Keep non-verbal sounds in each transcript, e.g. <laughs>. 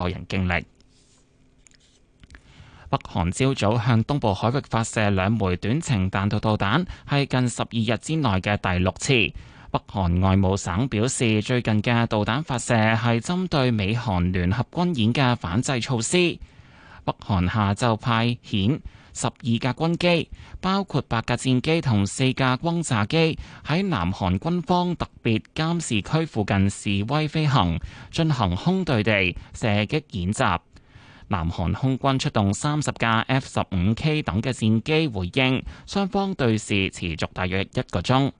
個人經歷。北韓朝早向東部海域發射兩枚短程彈道導彈，係近十二日之內嘅第六次。北韓外務省表示，最近嘅導彈發射係針對美韓聯合軍演嘅反制措施。北韓下晝派遣。十二架軍機，包括八架戰機同四架轟炸機，喺南韓軍方特別監視區附近示威飛行，進行空對地射擊演習。南韓空軍出動三十架 F 十五 K 等嘅戰機回應，雙方對峙持續大約一個鐘。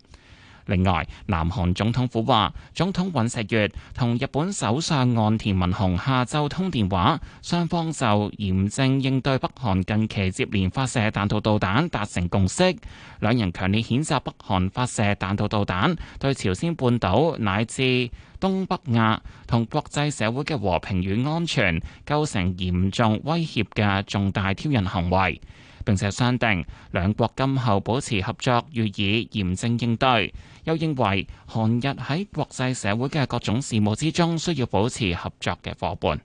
另外，南韓總統府話，總統尹錫悅同日本首相岸田文雄下晝通電話，雙方就嚴正應對北韓近期接連發射彈道導彈達成共識。兩人強烈譴責北韓發射彈道導彈，對朝鮮半島乃至東北亞同國際社會嘅和平與安全構成嚴重威脅嘅重大挑釁行為。並且商定兩國今後保持合作，予以嚴正應對。又認為韓日喺國際社會嘅各種事務之中，需要保持合作嘅伙伴。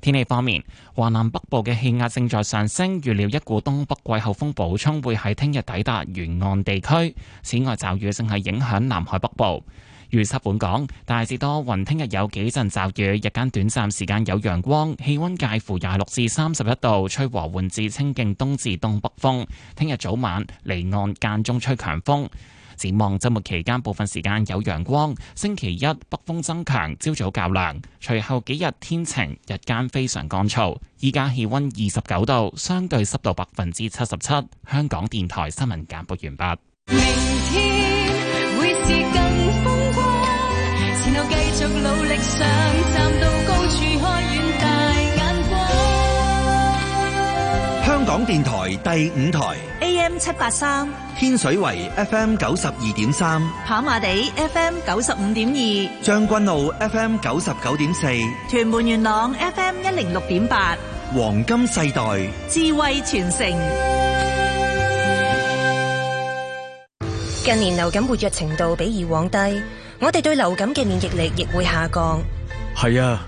天氣方面，華南北部嘅氣壓正在上升，預料一股東北季候風補充會喺聽日抵達沿岸地區。此外，驟雨正係影響南海北部。預測本港大致多雲，聽日有幾陣驟雨，日間短暫時間有陽光，氣温介乎廿六至三十一度，吹和緩至清勁東至東北風。聽日早晚離岸間中吹強風。展望周末期間部分時間有陽光，星期一北風增強，朝早較涼，隨後幾日天晴，日間非常乾燥。依家氣温二十九度，相對濕度百分之七十七。香港電台新聞簡報完畢。明天港電台第五台 AM 七八三，天水圍 FM 九十二點三，跑馬地 FM 九十五點二，將軍澳 FM 九十九點四，屯門元朗 FM 一零六點八，黃金世代智慧傳承。近年流感活躍程度比以往低，我哋對流感嘅免疫力亦會下降。係啊。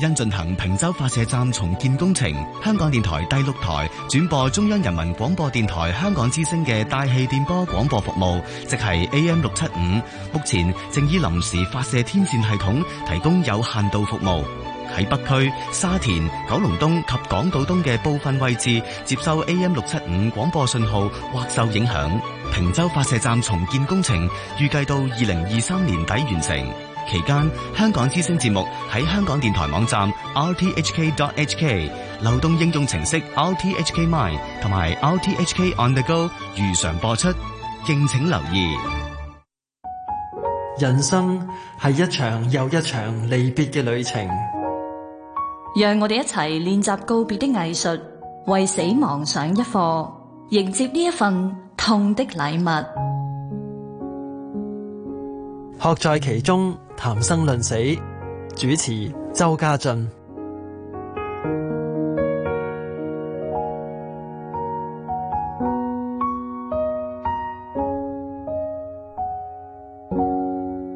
因進行坪洲發射站重建工程，香港電台第六台轉播中央人民廣播電台香港之聲嘅大氣電波廣播服務，即係 AM 六七五，目前正以臨時發射天線系統提供有限度服務。喺北區、沙田、九龍東及港島東嘅部分位置接收 AM 六七五廣播信號或受影響。坪洲發射站重建工程預計到二零二三年底完成。期間，香港之星節目喺香港電台網站 rthk.hk、流動應用程式 rthk mine 同埋 rthk on the go 如常播出，敬請留意。人生係一場又一場離別嘅旅程，讓我哋一齊練習告別的藝術，為死亡上一課，迎接呢一份痛的禮物，學在其中。談生論死，主持周家俊。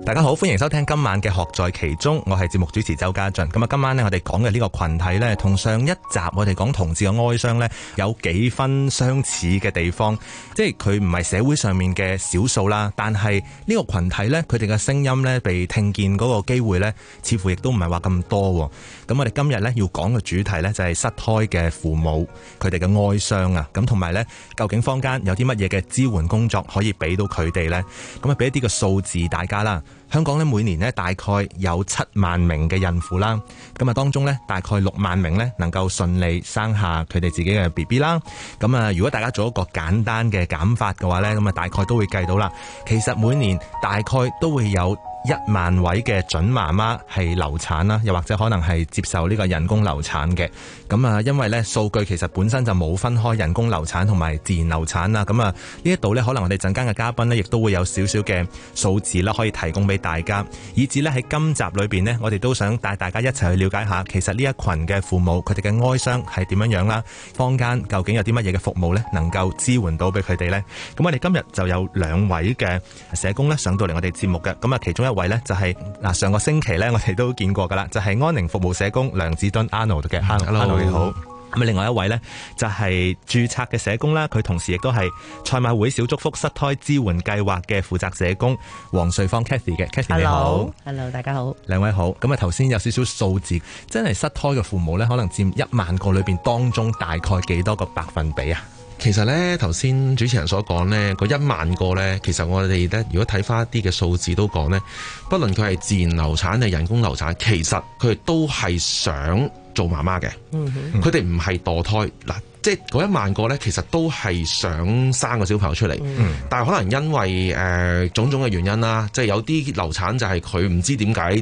大家好，歡迎收聽今晚嘅學在其中，我係節目主持周家俊。咁啊，今晚咧我哋講嘅呢個群體咧，同上一集我哋講同志嘅哀傷咧有幾分相似嘅地方，即係佢唔係社會上面嘅少數啦，但係呢個群體咧，佢哋嘅聲音咧被聽見嗰個機會咧似乎亦都唔係話咁多。咁我哋今日咧要講嘅主題咧就係失胎嘅父母佢哋嘅哀傷啊，咁同埋咧究竟坊間有啲乜嘢嘅支援工作可以俾到佢哋呢？咁啊俾一啲嘅數字大家啦。香港咧每年呢大概有七萬名嘅孕婦啦，咁啊當中呢，大概六萬名呢能夠順利生下佢哋自己嘅 BB 啦。咁啊如果大家做一個簡單嘅減法嘅話呢，咁啊大概都會計到啦。其實每年大概都會有。一萬位嘅準媽媽係流產啦，又或者可能係接受呢個人工流產嘅。咁啊，因為呢數據其實本身就冇分開人工流產同埋自然流產啦。咁啊，呢一度呢，可能我哋陣間嘅嘉賓呢，亦都會有少少嘅數字啦，可以提供俾大家。以至呢，喺今集裏邊呢，我哋都想帶大家一齊去了解下，其實呢一群嘅父母佢哋嘅哀傷係點樣樣啦。坊間究竟有啲乜嘢嘅服務呢，能夠支援到俾佢哋呢？咁我哋今日就有兩位嘅社工呢，上到嚟我哋節目嘅。咁啊，其中一位咧就係嗱，上個星期咧我哋都見過噶啦，就係安寧服務社工梁梓敦 Arnold 嘅 Hello，Hello 你好。咁啊，另外一位咧就係註冊嘅社工啦，佢同時亦都係賽馬會小祝福失胎支援計劃嘅負責社工王瑞芳 Cathy 嘅 Cathy 你好 Hello，Hello，大家好，兩位好。咁啊，頭先有少少數字，真係失胎嘅父母咧，可能佔一萬個裏邊當中大概幾多個百分比啊？其實咧，頭先主持人所講咧，嗰一萬個咧，其實我哋咧，如果睇返一啲嘅數字都講咧，不論佢係自然流產定人工流產，其實佢都係想做媽媽嘅。Mm hmm. 佢哋唔係墮胎嗱，即係嗰一萬個咧，其實都係想生個小朋友出嚟。Mm hmm. 但係可能因為誒、呃、種種嘅原因啦，即係有啲流產就係佢唔知點解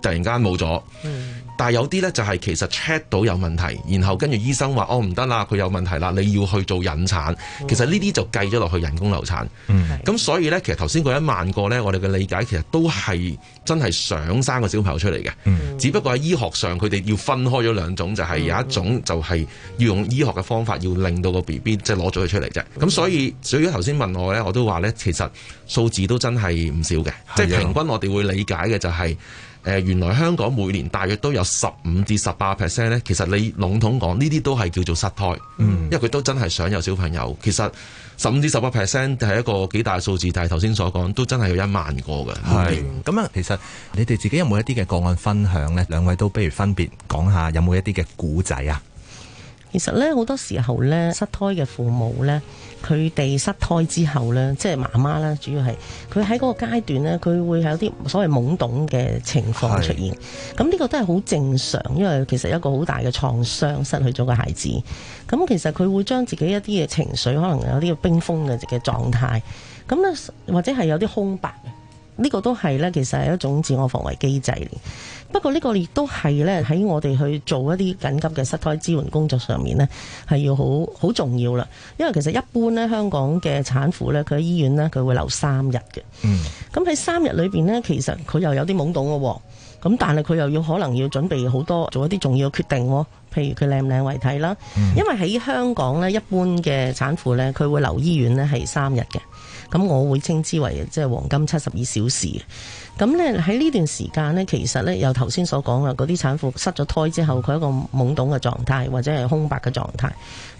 突然間冇咗。Mm hmm. 但係有啲咧就係、是、其實 check 到有問題，然後跟住醫生話：哦，唔得啦，佢有問題啦，你要去做引產。其實呢啲就計咗落去人工流產。咁、mm hmm. 所以呢，其實頭先嗰一萬個呢，我哋嘅理解其實都係真係想生個小朋友出嚟嘅。Mm hmm. 只不過喺醫學上佢哋要分開咗兩種，就係、是、有一種就係要用醫學嘅方法要令到個 BB 即係攞咗佢出嚟啫。咁、mm hmm. 所以，小魚頭先問我呢，我都話呢，其實數字都真係唔少嘅，的即係平均我哋會理解嘅就係、是。誒，原來香港每年大約都有十五至十八 percent 咧，其實你籠統講呢啲都係叫做失胎，嗯、因為佢都真係想有小朋友。其實十五至十八 percent 係一個幾大數字，但係頭先所講都真係有一萬個嘅。係咁啊，嗯、麼其實你哋自己有冇一啲嘅個案分享呢？兩位都不如分別講下有冇一啲嘅古仔啊？其實咧，好多時候咧，失胎嘅父母咧，佢哋失胎之後咧，即係媽媽咧，主要係佢喺嗰個階段咧，佢會有啲所謂懵懂嘅情況出現。咁呢是的 個都係好正常，因為其實一個好大嘅創傷，失去咗個孩子。咁其實佢會將自己一啲嘅情緒，可能有啲冰封嘅嘅狀態。咁咧，或者係有啲空白。呢個都係咧，其實係一種自我防衛機制。不過呢個亦都係咧，喺我哋去做一啲緊急嘅失胎支援工作上面咧，係要好好重要啦。因為其實一般咧，香港嘅產婦咧，佢喺醫院咧，佢會留三日嘅。嗯，咁喺三日裏邊咧，其實佢又有啲懵懂嘅，咁但係佢又要可能要準備好多做一啲重要嘅決定，譬如佢靚唔靚遺體啦。嗯、因為喺香港咧，一般嘅產婦咧，佢會留醫院咧係三日嘅。咁我會稱之為即係黃金七十二小時咁咧，喺呢段時間咧，其實咧由頭先所講嘅，嗰啲產婦失咗胎之後，佢一個懵懂嘅狀態，或者係空白嘅狀態。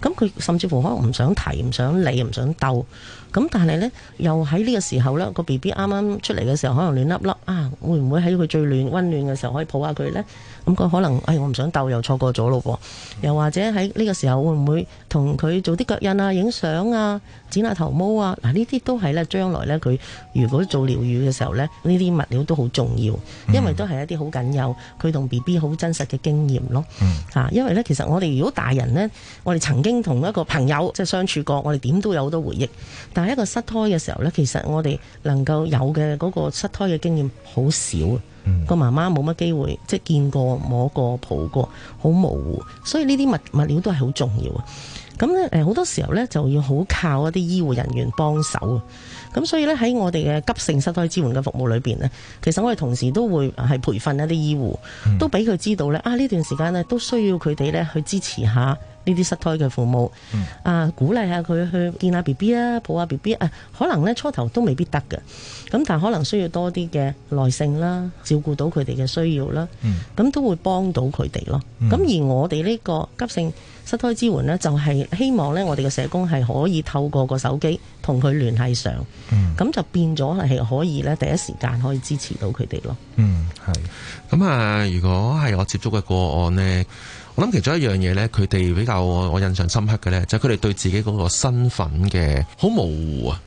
咁佢甚至乎可能唔想提，唔想理，唔想鬥，咁但係咧又喺呢個時候咧個 B B 啱啱出嚟嘅時候，可能亂粒粒啊，會唔會喺佢最暖溫暖嘅時候可以抱下佢咧？咁佢可能哎，我唔想鬥，又錯過咗咯噃。嗯、又或者喺呢個時候會唔會同佢做啲腳印啊、影相啊、剪下頭毛啊？嗱、啊，呢啲都係咧將來咧佢如果做療癒嘅時候咧，呢啲物料都好重要，因為都係一啲好緊要佢同 B B 好真實嘅經驗咯。吓、嗯啊，因為咧其實我哋如果大人咧，我哋曾經。已經同一個朋友即係相處過，我哋點都有好多回憶。但係一個失胎嘅時候呢，其實我哋能夠有嘅嗰個失胎嘅經驗好少啊。個媽媽冇乜機會即係見過摸過抱過，好模糊。所以呢啲物物料都係好重要啊。咁咧，好多時候呢，就要好靠一啲醫護人員幫手啊。咁所以呢，喺我哋嘅急性失胎支援嘅服務裏邊呢，其實我哋同時都會係培訓一啲醫護，都俾佢知道呢，嗯、啊呢段時間咧都需要佢哋呢去支持下。呢啲失胎嘅父母，啊、嗯呃、鼓勵下佢去見下 B B 啊，抱下 B B 啊，可能咧初頭都未必得嘅，咁但係可能需要多啲嘅耐性啦，照顧到佢哋嘅需要啦，咁、嗯、都會幫到佢哋咯。咁、嗯、而我哋呢個急性失胎支援呢，就係、是、希望呢，我哋嘅社工係可以透過個手機同佢聯繫上，咁、嗯、就變咗係可以咧第一時間可以支持到佢哋咯。嗯，係。咁啊，如果係我接觸嘅個案呢。咁其中一樣嘢呢，佢哋比較我印象深刻嘅呢，嗯嗯，就係佢哋對自己嗰個身份嘅好模糊啊。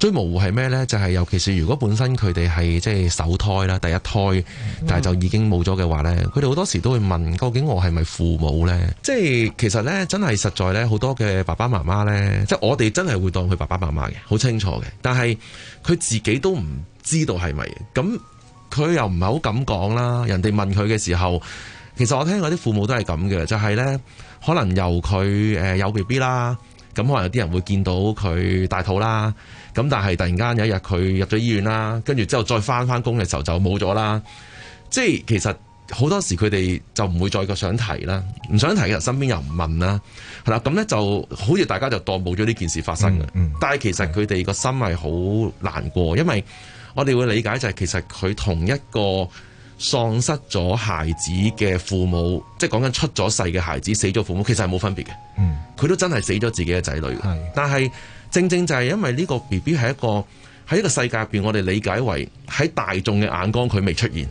最模糊係咩呢？就係尤其是如果本身佢哋係即係首胎啦，第一胎，但係就已經冇咗嘅話呢，佢哋好多時都會問：「究竟我係咪父母呢？」即係其實呢，真係實在呢，好多嘅爸爸媽媽呢，即係我哋真係會當佢爸爸媽媽嘅，好清楚嘅。但係佢自己都唔知道係咪，咁佢又唔係好敢講啦，人哋問佢嘅時候。其實我聽過啲父母都係咁嘅，就係呢，可能由佢誒有 B B 啦，咁可能有啲人會見到佢大肚啦，咁但係突然間有一日佢入咗醫院啦，跟住之後再翻翻工嘅時候就冇咗啦，即係其實好多時佢哋就唔會再個想提啦，唔想提嘅時候身邊又唔問啦，係啦，咁呢就好似大家就當冇咗呢件事發生嘅，嗯嗯，但係其實佢哋個心係好難過，因為我哋會理解就係其實佢同一個。喪失咗孩子嘅父母，即係講緊出咗世嘅孩子死咗父母，其實係冇分別嘅。嗯，佢都真係死咗自己嘅仔女。係，但係正正就係因為呢個 BB 係一個喺一個世界入邊，我哋理解為喺大眾嘅眼光，佢未出現。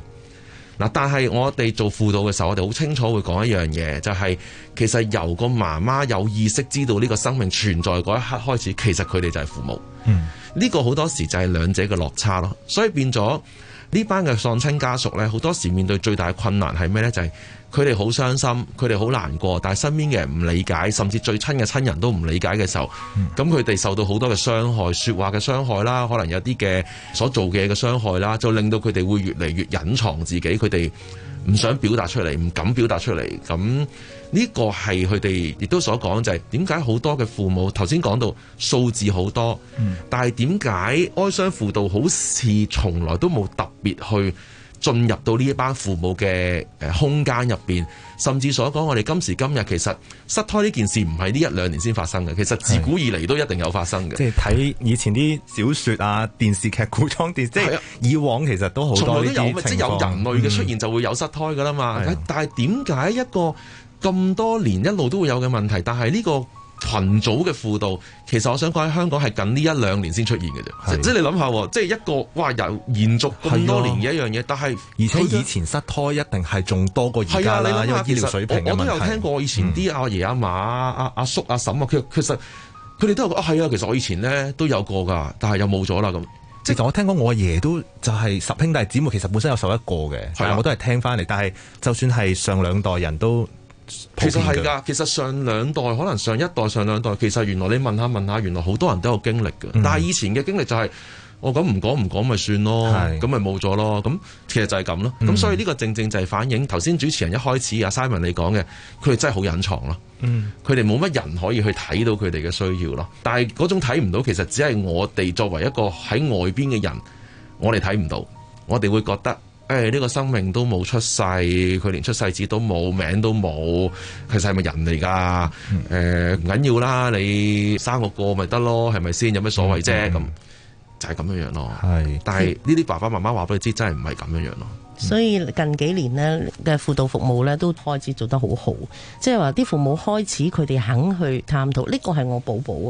嗱，但係我哋做輔導嘅時候，我哋好清楚會講一樣嘢，就係、是、其實由個媽媽有意識知道呢個生命存在嗰一刻開始，其實佢哋就係父母。嗯，呢個好多時就係兩者嘅落差咯，所以變咗。班上親呢班嘅喪親家屬呢，好多時面對最大困難係咩呢？就係佢哋好傷心，佢哋好難過，但係身邊嘅人唔理解，甚至最親嘅親人都唔理解嘅時候，咁佢哋受到好多嘅傷害，說話嘅傷害啦，可能有啲嘅所做嘅嘢嘅傷害啦，就令到佢哋會越嚟越隱藏自己，佢哋。唔想表達出嚟，唔敢表達出嚟，咁呢個係佢哋亦都所講就係點解好多嘅父母頭先講到數字好多，但係點解哀傷輔導好似從來都冇特別去進入到呢一班父母嘅空間入面，甚至所講我哋今時今日其實失胎呢件事唔係呢一兩年先發生嘅，其實自古以嚟都一定有發生嘅。即係睇以前啲小説啊、電視劇、古裝電，的即係以往其實都好多。從來都有，即係有人類嘅出現就會有失胎噶啦嘛。的但係點解一個咁多年一路都會有嘅問題，但係呢個？群組嘅輔導，其實我想講喺香港係近呢一兩年先出現嘅啫、啊。即係你諗下，即係一個哇，又延續咁多年嘅一樣嘢，啊、但係是而且以前失胎一定係仲多過而家啦，啊、你諗下因為醫療水平嘅問題，我都有聽過，以前啲阿爺阿嫲阿阿叔阿嬸啊，佢、啊啊啊啊啊、其實佢哋都有啊，係啊，其實我以前咧都有過㗎，但係又冇咗啦咁。其實我聽講我阿爺都就係、是、十兄弟姊妹，其實本身有十一個嘅，係、啊、我都係聽翻嚟。但係就算係上兩代人都。其實係噶，其實上兩代可能上一代、上兩代，其實原來你問下問下，原來好多人都有經歷嘅。嗯、但係以前嘅經歷就係、是，我咁唔講唔講咪算咯，咁咪冇咗咯。咁其實就係咁咯。咁、嗯、所以呢個正正就係反映頭先主持人一開始阿 Simon 你講嘅，佢哋真係好隱藏咯。佢哋冇乜人可以去睇到佢哋嘅需要咯。但係嗰種睇唔到，其實只係我哋作為一個喺外邊嘅人，我哋睇唔到，我哋會覺得。誒，呢、哎，這個生命都冇出世，佢連出世紙都冇，名都冇，其實係咪人嚟噶？誒、嗯，唔緊要啦，你生個個咪得咯，係咪先？有咩所謂啫？咁、嗯、就係咁樣樣咯。係是，但係呢啲爸爸媽媽話俾你知，真係唔係咁樣樣咯。是嗯、所以近幾年咧嘅輔導服務咧都開始做得好好，即係話啲父母開始佢哋肯去探討呢、這個係我寶寶啊。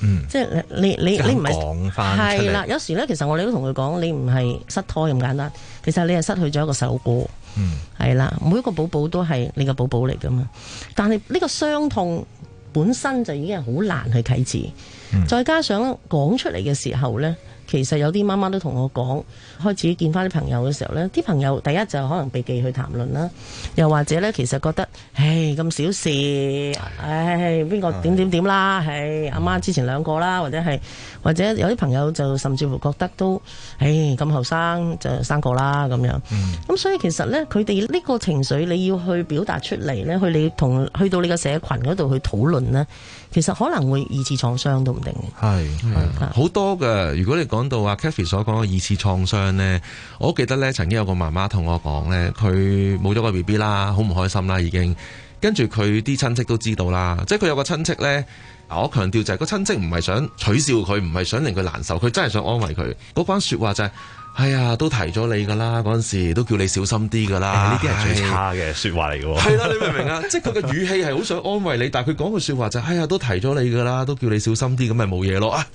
嗯，即係你你你唔係講翻係啦，有時咧，其實我哋都同佢講，你唔係失胎咁簡單，其實你係失去咗一個細佬哥，嗯，係啦，每一個寶寶都係你個寶寶嚟噶嘛，但係呢個傷痛本身就已經係好難去啟齒，嗯，再加上講出嚟嘅時候咧。其實有啲媽媽都同我講，開始見翻啲朋友嘅時候呢，啲朋友第一就可能避忌去談論啦，又或者呢，其實覺得，唉，咁小事，唉、哎，邊個點點點啦，唉、嗯，阿、哎、媽媽之前兩個啦，或者係，或者有啲朋友就甚至乎覺得都，唉，咁後生就三個啦咁樣。咁、嗯、所以其實呢，佢哋呢個情緒你要去表達出嚟呢，去你同去到你個社群嗰度去討論呢。其實可能會二次創傷都唔定，係係好多嘅。如果你講到阿 Kathy 所講嘅二次創傷咧，我記得咧曾經有個媽媽同我講咧，佢冇咗個 B B 啦，好唔開心啦已經，跟住佢啲親戚都知道啦，即係佢有個親戚咧。我強調就係個親戚唔係想取笑佢，唔係想令佢難受，佢真係想安慰佢。嗰班說話就係、是，哎呀，都提咗你噶啦，嗰陣時都叫你小心啲噶啦。呢啲係最差嘅說話嚟嘅喎。係 <laughs> 啦、啊，你明唔明啊？即係佢嘅語氣係好想安慰你，但佢講句說話就係、是，哎呀，都提咗你噶啦，都叫你小心啲，咁咪冇嘢咯啊！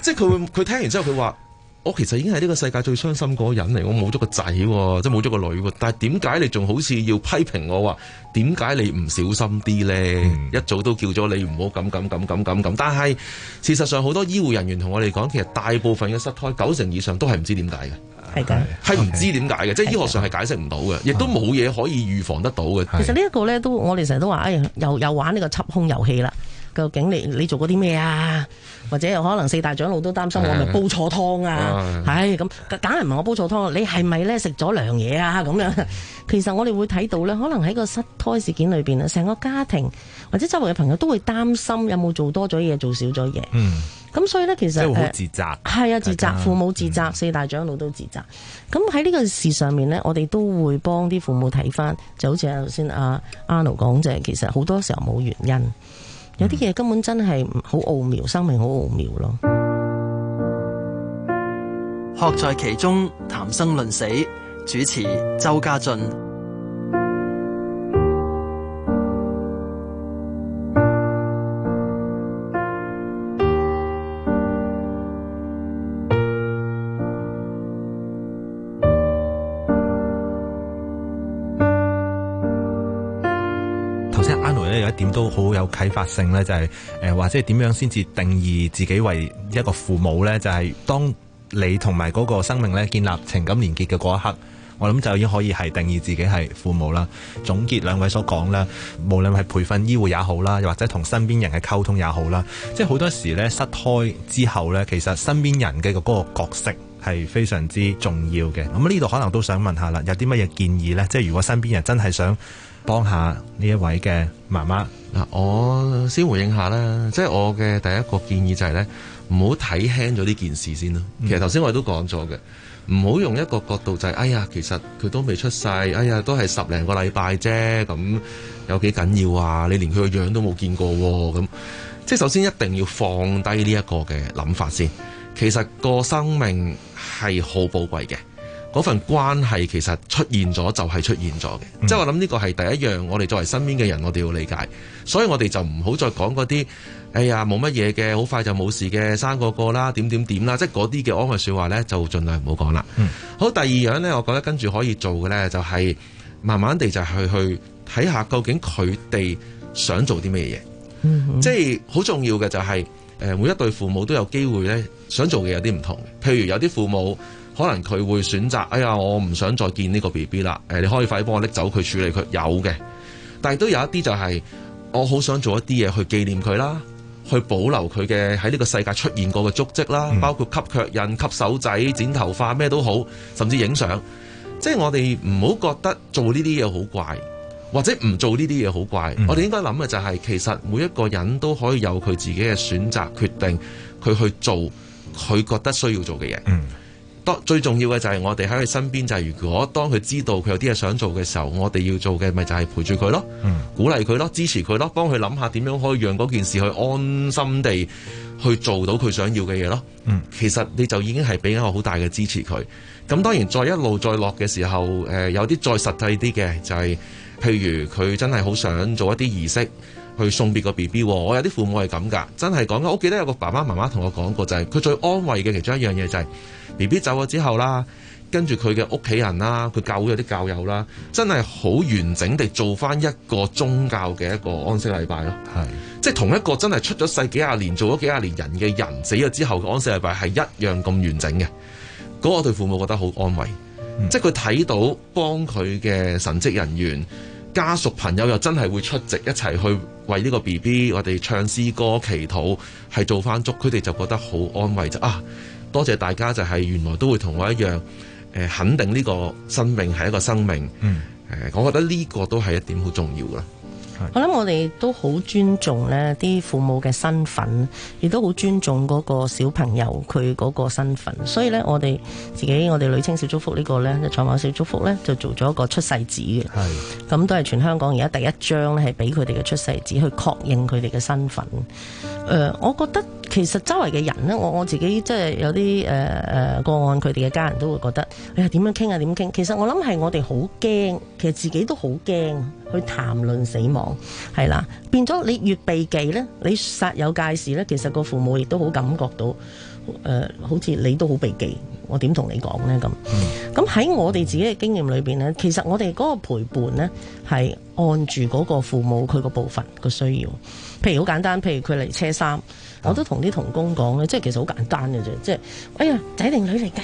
即係佢會，佢聽完之後佢話。我其實已經係呢個世界最傷心嗰個人嚟，我冇咗個仔，即係冇咗個女。但係點解你仲好似要批評我話？點解你唔小心啲咧？嗯、一早都叫咗你唔好咁咁咁咁咁咁。但係事實上，好多醫護人員同我哋講，其實大部分嘅失胎，九成以上都係唔知點解嘅，係㗎，係唔知點解嘅，即係 okay 醫學上係解釋唔到嘅，亦都冇嘢可以預防得到嘅。啊、其實這個呢一個咧，我都我哋成日都話，哎呀，又又玩呢個緝兇遊戲啦。究竟你你做過啲咩啊？或者有可能四大長老都擔心我咪煲錯湯啊，係咁的，梗係唔係我煲錯湯，你係咪咧食咗涼嘢啊？咁樣其實我哋會睇到咧，可能喺個失胎事件裏邊，咧，成個家庭或者周圍嘅朋友都會擔心有冇做多咗嘢，做少咗嘢。咁、嗯、所以咧其實即係自責，係啊、呃，自責家，父母自責，嗯、四大長老都自責。咁喺呢個事上面咧，我哋都會幫啲父母睇翻，就好似頭先阿 Arnold 講就係，其實好多時候冇原因。有啲嘢根本真係好奧妙，生命好奧妙咯。學在其中，談生論死，主持周家俊。點都好有啟發性呢，就係、是、誒、呃，或者係點樣先至定義自己為一個父母呢？就係、是、當你同埋嗰個生命呢，建立情感連結嘅嗰一刻，我諗就已經可以係定義自己係父母啦。總結兩位所講啦，無論係培訓醫護也好啦，又或者同身邊人嘅溝通也好啦，即係好多時呢，失胎之後呢，其實身邊人嘅個嗰個角色係非常之重要嘅。咁呢度可能都想問下啦，有啲乜嘢建議呢？即係如果身邊人真係想幫下呢一位嘅媽媽嗱，我先回應下啦，即係我嘅第一個建議就係咧，唔好睇輕咗呢件事先啦。其實頭先我哋都講咗嘅，唔好用一個角度就係，哎呀，其實佢都未出世，哎呀，都係十零個禮拜啫，咁有幾緊要啊？你連佢個樣都冇見過喎，咁即係首先一定要放低呢一個嘅諗法先。其實個生命係好寶貴嘅。嗰份關係其實出現咗就係出現咗嘅，即係、嗯、我諗呢個係第一樣，我哋作為身邊嘅人，我哋要理解，所以我哋就唔好再講嗰啲，哎呀，冇乜嘢嘅，好快就冇事嘅，生個個啦，點點點啦，即係嗰啲嘅安慰說話呢，就盡量唔好講啦。嗯、好，第二樣呢，我覺得跟住可以做嘅呢，就係、是、慢慢地就去去睇下究竟佢哋想做啲咩嘢，嗯、哼即係好重要嘅就係、是，每一對父母都有機會呢，想做嘅有啲唔同，譬如有啲父母。可能佢會選擇，哎呀，我唔想再見呢個 BB 啦。誒，你可以快幫我拎走佢處理佢，有嘅。但係都有一啲就係、是，我好想做一啲嘢去紀念佢啦，去保留佢嘅喺呢個世界出現過嘅足跡啦，包括吸腳印、吸手仔、剪頭髮咩都好，甚至影相。即係我哋唔好覺得做呢啲嘢好怪，或者唔做呢啲嘢好怪。嗯、我哋應該諗嘅就係、是，其實每一個人都可以有佢自己嘅選擇決定，佢去做佢覺得需要做嘅嘢。嗯當最重要嘅就係我哋喺佢身邊，就係如果當佢知道佢有啲嘢想做嘅時候，我哋要做嘅咪就係陪住佢咯，鼓勵佢咯，支持佢咯，幫佢諗下點樣可以讓嗰件事去安心地去做到佢想要嘅嘢咯。其實你就已經係俾一個好大嘅支持佢。咁當然再一路再落嘅時候，誒、呃、有啲再實際啲嘅就係、是、譬如佢真係好想做一啲儀式。去送別個 B B，我有啲父母係咁噶，真係講。我記得有個爸爸媽媽同我講過，就係、是、佢最安慰嘅其中一樣嘢就係 B B 走咗之後啦，跟住佢嘅屋企人啦，佢教會有啲教友啦，真係好完整地做翻一個宗教嘅一個安息禮拜咯。係是，即係同一個真係出咗世幾廿年，做咗幾廿年人嘅人死咗之後嘅安息禮拜係一樣咁完整嘅。嗰個對父母覺得好安慰，嗯、即係佢睇到幫佢嘅神職人員。家屬朋友又真係會出席一齊去為呢個 BB，我哋唱詩歌、祈禱，係做返足，佢哋就覺得好安慰就啊，多謝大家就係原來都會同我一樣，呃、肯定呢個生命係一個生命，嗯、呃，我覺得呢個都係一點好重要嘅。我諗我哋都好尊重咧，啲父母嘅身份，亦都好尊重嗰個小朋友佢嗰個身份。所以咧，我哋自己我哋女青小祝福呢、這個咧，就坐創馬小祝福咧，就做咗一個出世紙嘅。係咁的都係全香港而家第一張咧，係俾佢哋嘅出世紙去確認佢哋嘅身份。誒、呃，我覺得其實周圍嘅人咧，我我自己即係有啲誒誒個案，佢哋嘅家人都會覺得，哎呀點樣傾啊點傾？其實我諗係我哋好驚，其實自己都好驚。去談論死亡，係啦，變咗你越避忌呢，你煞有介事呢。其實個父母亦都好感覺到，呃、好似你都好避忌，我點同你講呢？咁，咁喺我哋自己嘅經驗裏面呢，其實我哋嗰個陪伴呢，係按住嗰個父母佢個部分個需要。譬如好簡單，譬如佢嚟車衫，嗯、我都同啲同工講咧，即係其實好簡單嘅啫，即係，哎呀，仔定女嚟㗎。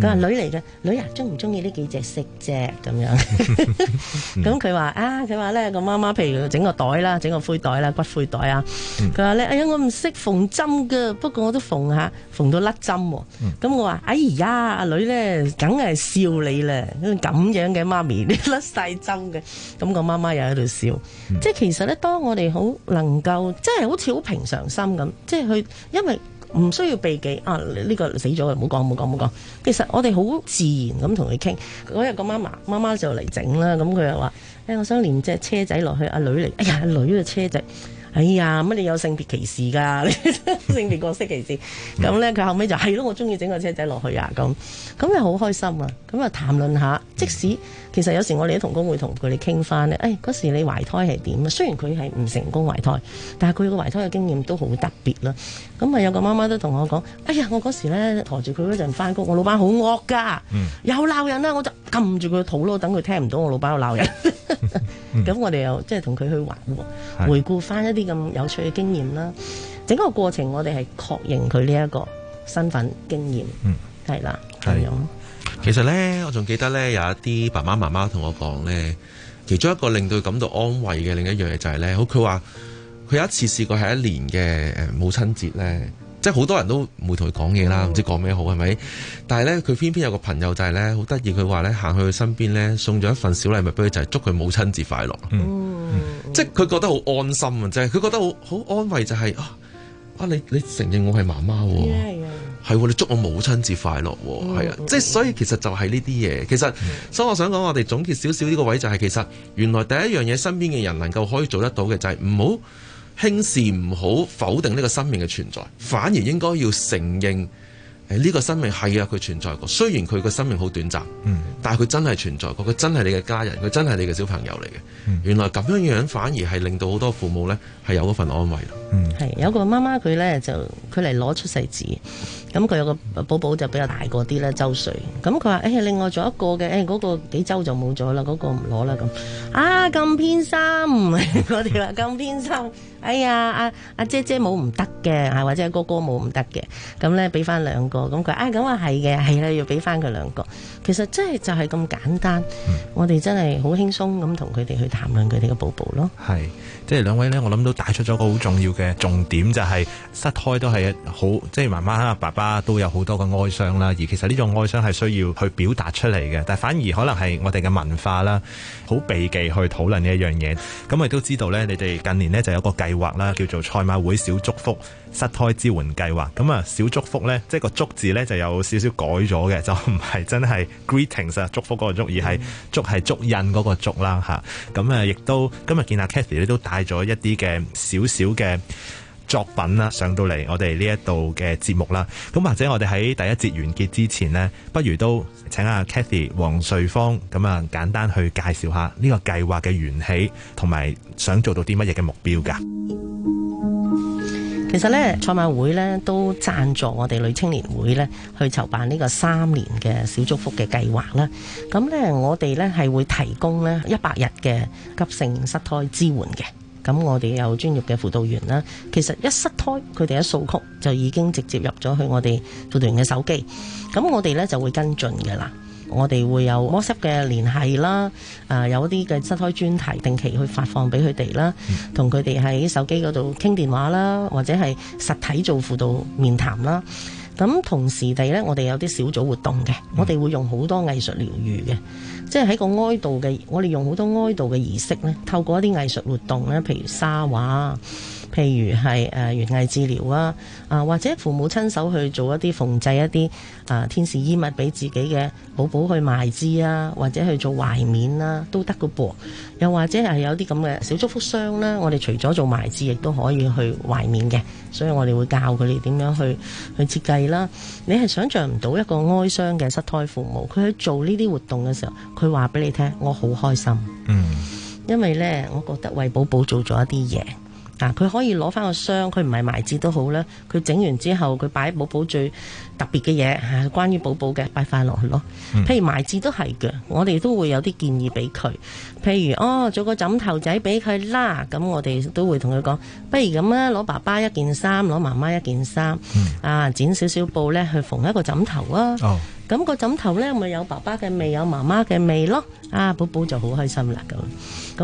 佢話女嚟嘅女啊，鍾唔鍾意呢幾隻色啫咁樣？咁佢話啊，佢話咧個媽媽，譬如整個袋啦，整個灰袋啦，骨灰袋啊。佢話咧，哎呀，我唔識縫針㗎，不過我都縫下，縫到甩針喎、啊。咁我話，哎呀，阿女咧，梗係笑你呢，咁樣嘅媽咪，你甩晒針嘅。咁個媽媽又喺度笑，嗯、即係其實咧，當我哋好能夠，即係好似好平常心咁，即係去，因為。唔需要避忌啊！呢個死咗嘅，唔好講，唔好講，唔好講。其實我哋好自然咁同佢傾。嗰日個媽媽媽媽就嚟整啦，咁佢又話：誒，我想連隻車仔落去。阿女嚟，哎呀，阿女嘅車仔，哎呀，乜你有性別歧視㗎？ <laughs> <laughs> 性別角色歧視。咁咧，佢 <laughs> 後尾就係咯，我中意整個車仔落去啊！咁，咁又好開心啊！咁啊，談論下，即使。其實有時我哋啲同工會同佢哋傾翻咧，誒、哎、嗰時你懷胎係點啊？雖然佢係唔成功懷胎，但係佢個懷胎嘅經驗都好特別啦。咁啊有個媽媽都同我講：哎呀，我嗰時咧抬住佢嗰陣翻工，我老闆好惡㗎，又鬧、嗯、人啦，我就撳住佢個肚咯，等佢聽唔到我老闆鬧人。咁、 <laughs> 嗯、我哋又即係同佢去玩喎，回顧翻一啲咁有趣嘅經驗啦。的整個過程我哋係確認佢呢一個身份經驗，嗯，係啦，係咁。其實咧，我仲記得咧有一啲爸爸媽媽同我講咧，其中一個令到佢感到安慰嘅另一樣嘢就係咧，好佢話佢有一次試過係一年嘅、誒母親節咧，即係好多人都唔會同佢講嘢啦，唔、嗯、知講咩好係咪？但係咧，佢偏偏有個朋友就係咧好得意，佢話咧行去佢身邊咧送咗一份小禮物俾佢，就係、是、祝佢母親節快樂、嗯嗯。即係佢覺得好安心、就是、啊，即係佢覺得好好安慰就係啊啊你你承認我係媽媽喎。嗯係、哦，你祝我母親節快樂、哦，係、嗯、啊，嗯、即係所以其實就係呢啲嘢。其實，嗯、所以我想講，我哋總結少少呢個位就係、是、其實原來第一樣嘢，身邊嘅人能夠可以做得到嘅就係唔好輕視，唔好否定呢個生命嘅存在，反而應該要承認誒呢、哎呢個生命係啊佢存在過，雖然佢個生命好短暫，嗯、但係佢真係存在過，佢真係你嘅家人，佢真係你嘅小朋友嚟嘅。嗯、原來咁樣樣反而係令到好多父母呢係有嗰份安慰。嗯，有個媽媽佢呢就佢嚟攞出世紙。咁佢有個寶寶就比較大個啲啦，周歲。咁佢話誒，另外仲有一個嘅，誒、欸、嗰、那個幾周就冇咗啦，嗰、那個唔攞啦咁。啊，咁偏心，嗯、 <laughs> 我哋話咁偏心。哎呀，阿、啊、阿姐姐冇唔得嘅，或者哥哥冇唔得嘅。咁咧俾翻兩個，咁佢啊咁啊係嘅，係啦要俾翻佢兩個。其實真係就係咁簡單，嗯、我哋真係好輕鬆咁同佢哋去談論佢哋嘅寶寶咯。係。即係兩位呢，我諗都帶出咗個好重要嘅重點，就係失胎都係好，即係媽媽爸爸都有好多嘅哀傷啦。而其實呢種哀傷係需要去表達出嚟嘅，但反而可能係我哋嘅文化啦，好避忌去討論呢一樣嘢。咁、嗯、我都知道呢，你哋近年呢就有個計劃啦，叫做賽馬會小祝福。失胎支援計劃，咁啊小祝福呢，即係個祝字呢就有少少改咗嘅，就唔係真係 greetings 祝福嗰個祝，而係祝係祝印嗰個祝啦吓。咁啊，亦都今日見阿 Kathy 咧，都帶咗一啲嘅少少嘅作品啦，上到嚟我哋呢一度嘅節目啦。咁或者我哋喺第一節完結之前呢，不如都請阿 Kathy 王瑞芳，咁啊簡單去介紹下呢個計劃嘅緣起，同埋想做到啲乜嘢嘅目標噶。其實咧，賽馬會咧都贊助我哋女青年會咧去籌辦呢個三年嘅小祝福嘅計劃啦。咁咧，我哋咧係會提供咧一百日嘅急性失胎支援嘅。咁我哋有專業嘅輔導員啦。其實一失胎，佢哋一訴曲就已經直接入咗去我哋輔導員嘅手機。咁我哋咧就會跟進㗎喇。我哋會有 WhatsApp 嘅聯繫啦，誒、呃、有啲嘅側開專題，定期去發放俾佢哋啦，同佢哋喺手機嗰度傾電話啦，或者係實體做輔導面談啦。咁同時地呢，我哋有啲小組活動嘅，我哋會用好多藝術療愈嘅，即係喺個哀悼嘅，我哋用好多哀悼嘅儀式呢，透過一啲藝術活動呢，譬如沙畫。譬如係誒園藝治療啊，啊或者父母親手去做一啲縫製一啲啊天使衣物俾自己嘅寶寶去埋葬啊，或者去做懷緬啦、啊，都得嘅噃。又或者係有啲咁嘅小祝福箱啦，我哋除咗做埋葬，亦都可以去懷緬嘅。所以我哋會教佢哋點樣去去設計啦、啊。你係想像唔到一個哀傷嘅失胎父母，佢去做呢啲活動嘅時候，佢話俾你聽：我好開心，嗯，因為呢，我覺得為寶寶做咗一啲嘢。嗱，佢、啊、可以攞翻個箱，佢唔係埋字都好啦。佢整完之後，佢擺喺寶寶最特別嘅嘢吓，關於寶寶嘅擺翻落去咯。譬如埋字都係嘅，我哋都會有啲建議俾佢。譬如哦，做個枕頭仔俾佢啦。咁我哋都會同佢講，不如咁啊，攞爸爸一件衫，攞媽媽一件衫，嗯、啊，剪少少布咧去縫一個枕頭啊。哦咁個枕頭咧，咪有爸爸嘅味，有媽媽嘅味咯。啊，寶寶就好開心啦。咁，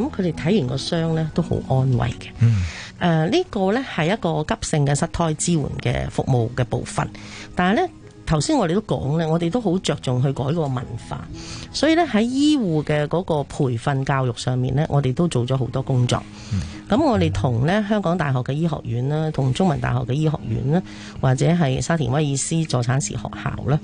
咁佢哋睇完個箱咧，都好安慰嘅。誒、嗯，呃這個、呢個咧係一個急性嘅失胎支援嘅服務嘅部分，但係咧。頭先我哋都講咧，我哋都好着重去改個文化，所以咧喺醫護嘅嗰個培訓教育上面咧，我哋都做咗好多工作。咁、嗯、我哋同咧香港大學嘅醫學院啦，同中文大學嘅醫學院啦，或者係沙田威爾斯助產士學校啦，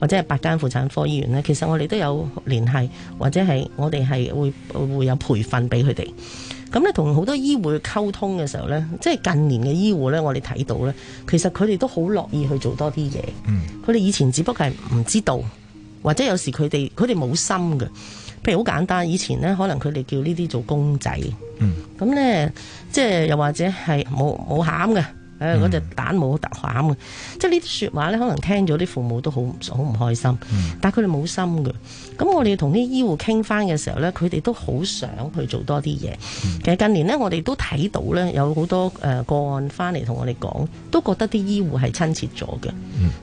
或者係八間婦產科醫院咧，其實我哋都有聯繫，或者係我哋係會會有培訓俾佢哋。咁咧，同好多醫護去溝通嘅時候咧，即係近年嘅醫護咧，我哋睇到咧，其實佢哋都好樂意去做多啲嘢。嗯，佢哋以前只不過係唔知道，或者有時佢哋佢哋冇心嘅。譬如好簡單，以前咧可能佢哋叫呢啲做公仔。嗯，咁咧即係又或者係冇冇餡嘅。誒嗰、哎、隻蛋冇得喊啊，即係呢啲說話咧，可能聽咗啲父母都好唔好唔開心，但係佢哋冇心嘅。咁我哋同啲醫護傾翻嘅時候咧，佢哋都好想去做多啲嘢。其實近年咧，我哋都睇到咧，有好多誒、呃、個案翻嚟同我哋講。都覺得啲醫護係親切咗嘅，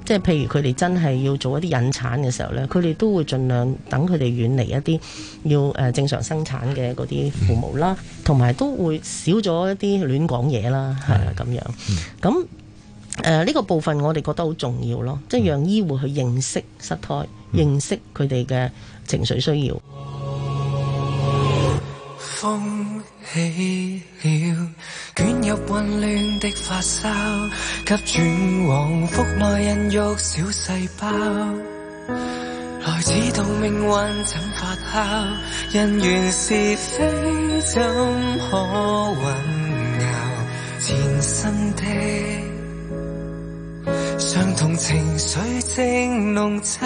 即係、嗯、譬如佢哋真係要做一啲引產嘅時候呢，佢哋都會盡量等佢哋遠離一啲要誒正常生產嘅嗰啲父母啦，同埋、嗯、都會少咗一啲亂講嘢啦，係啊咁樣。咁誒呢個部分我哋覺得好重要咯，即、就、係、是、讓醫護去認識失胎，嗯、認識佢哋嘅情緒需要。風起了，捲入混亂的髮梢，急轉往腹內孕育小細胞，來指導命運怎發酵，人緣是非怎可混淆？前生的相同情緒正濃稠。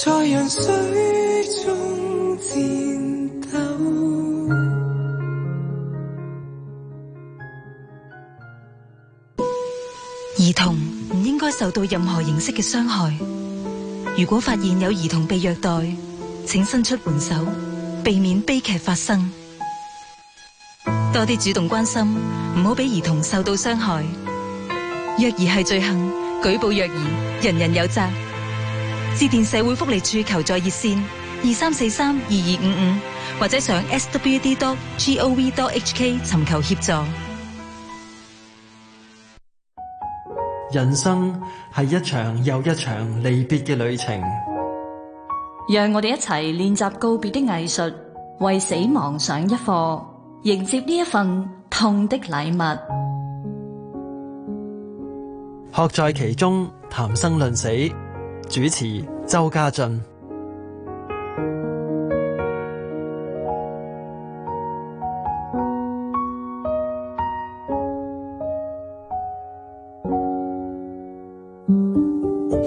再讓水中戰鬥兒童唔應該受到任何形式嘅傷害。如果發現有兒童被虐待，請伸出援手，避免悲劇發生。多啲主動關心，唔好俾兒童受到傷害。虐兒係罪行，舉報虐兒，人人有責。致電社會福利處求助熱線二三四三二二五五，或者上 swd.gov.hk 尋求協助。人生係一場又一場離別嘅旅程，讓我哋一齊練習告別的藝術，為死亡上一課，迎接呢一份痛的禮物，學在其中，談生論死。主持周家俊。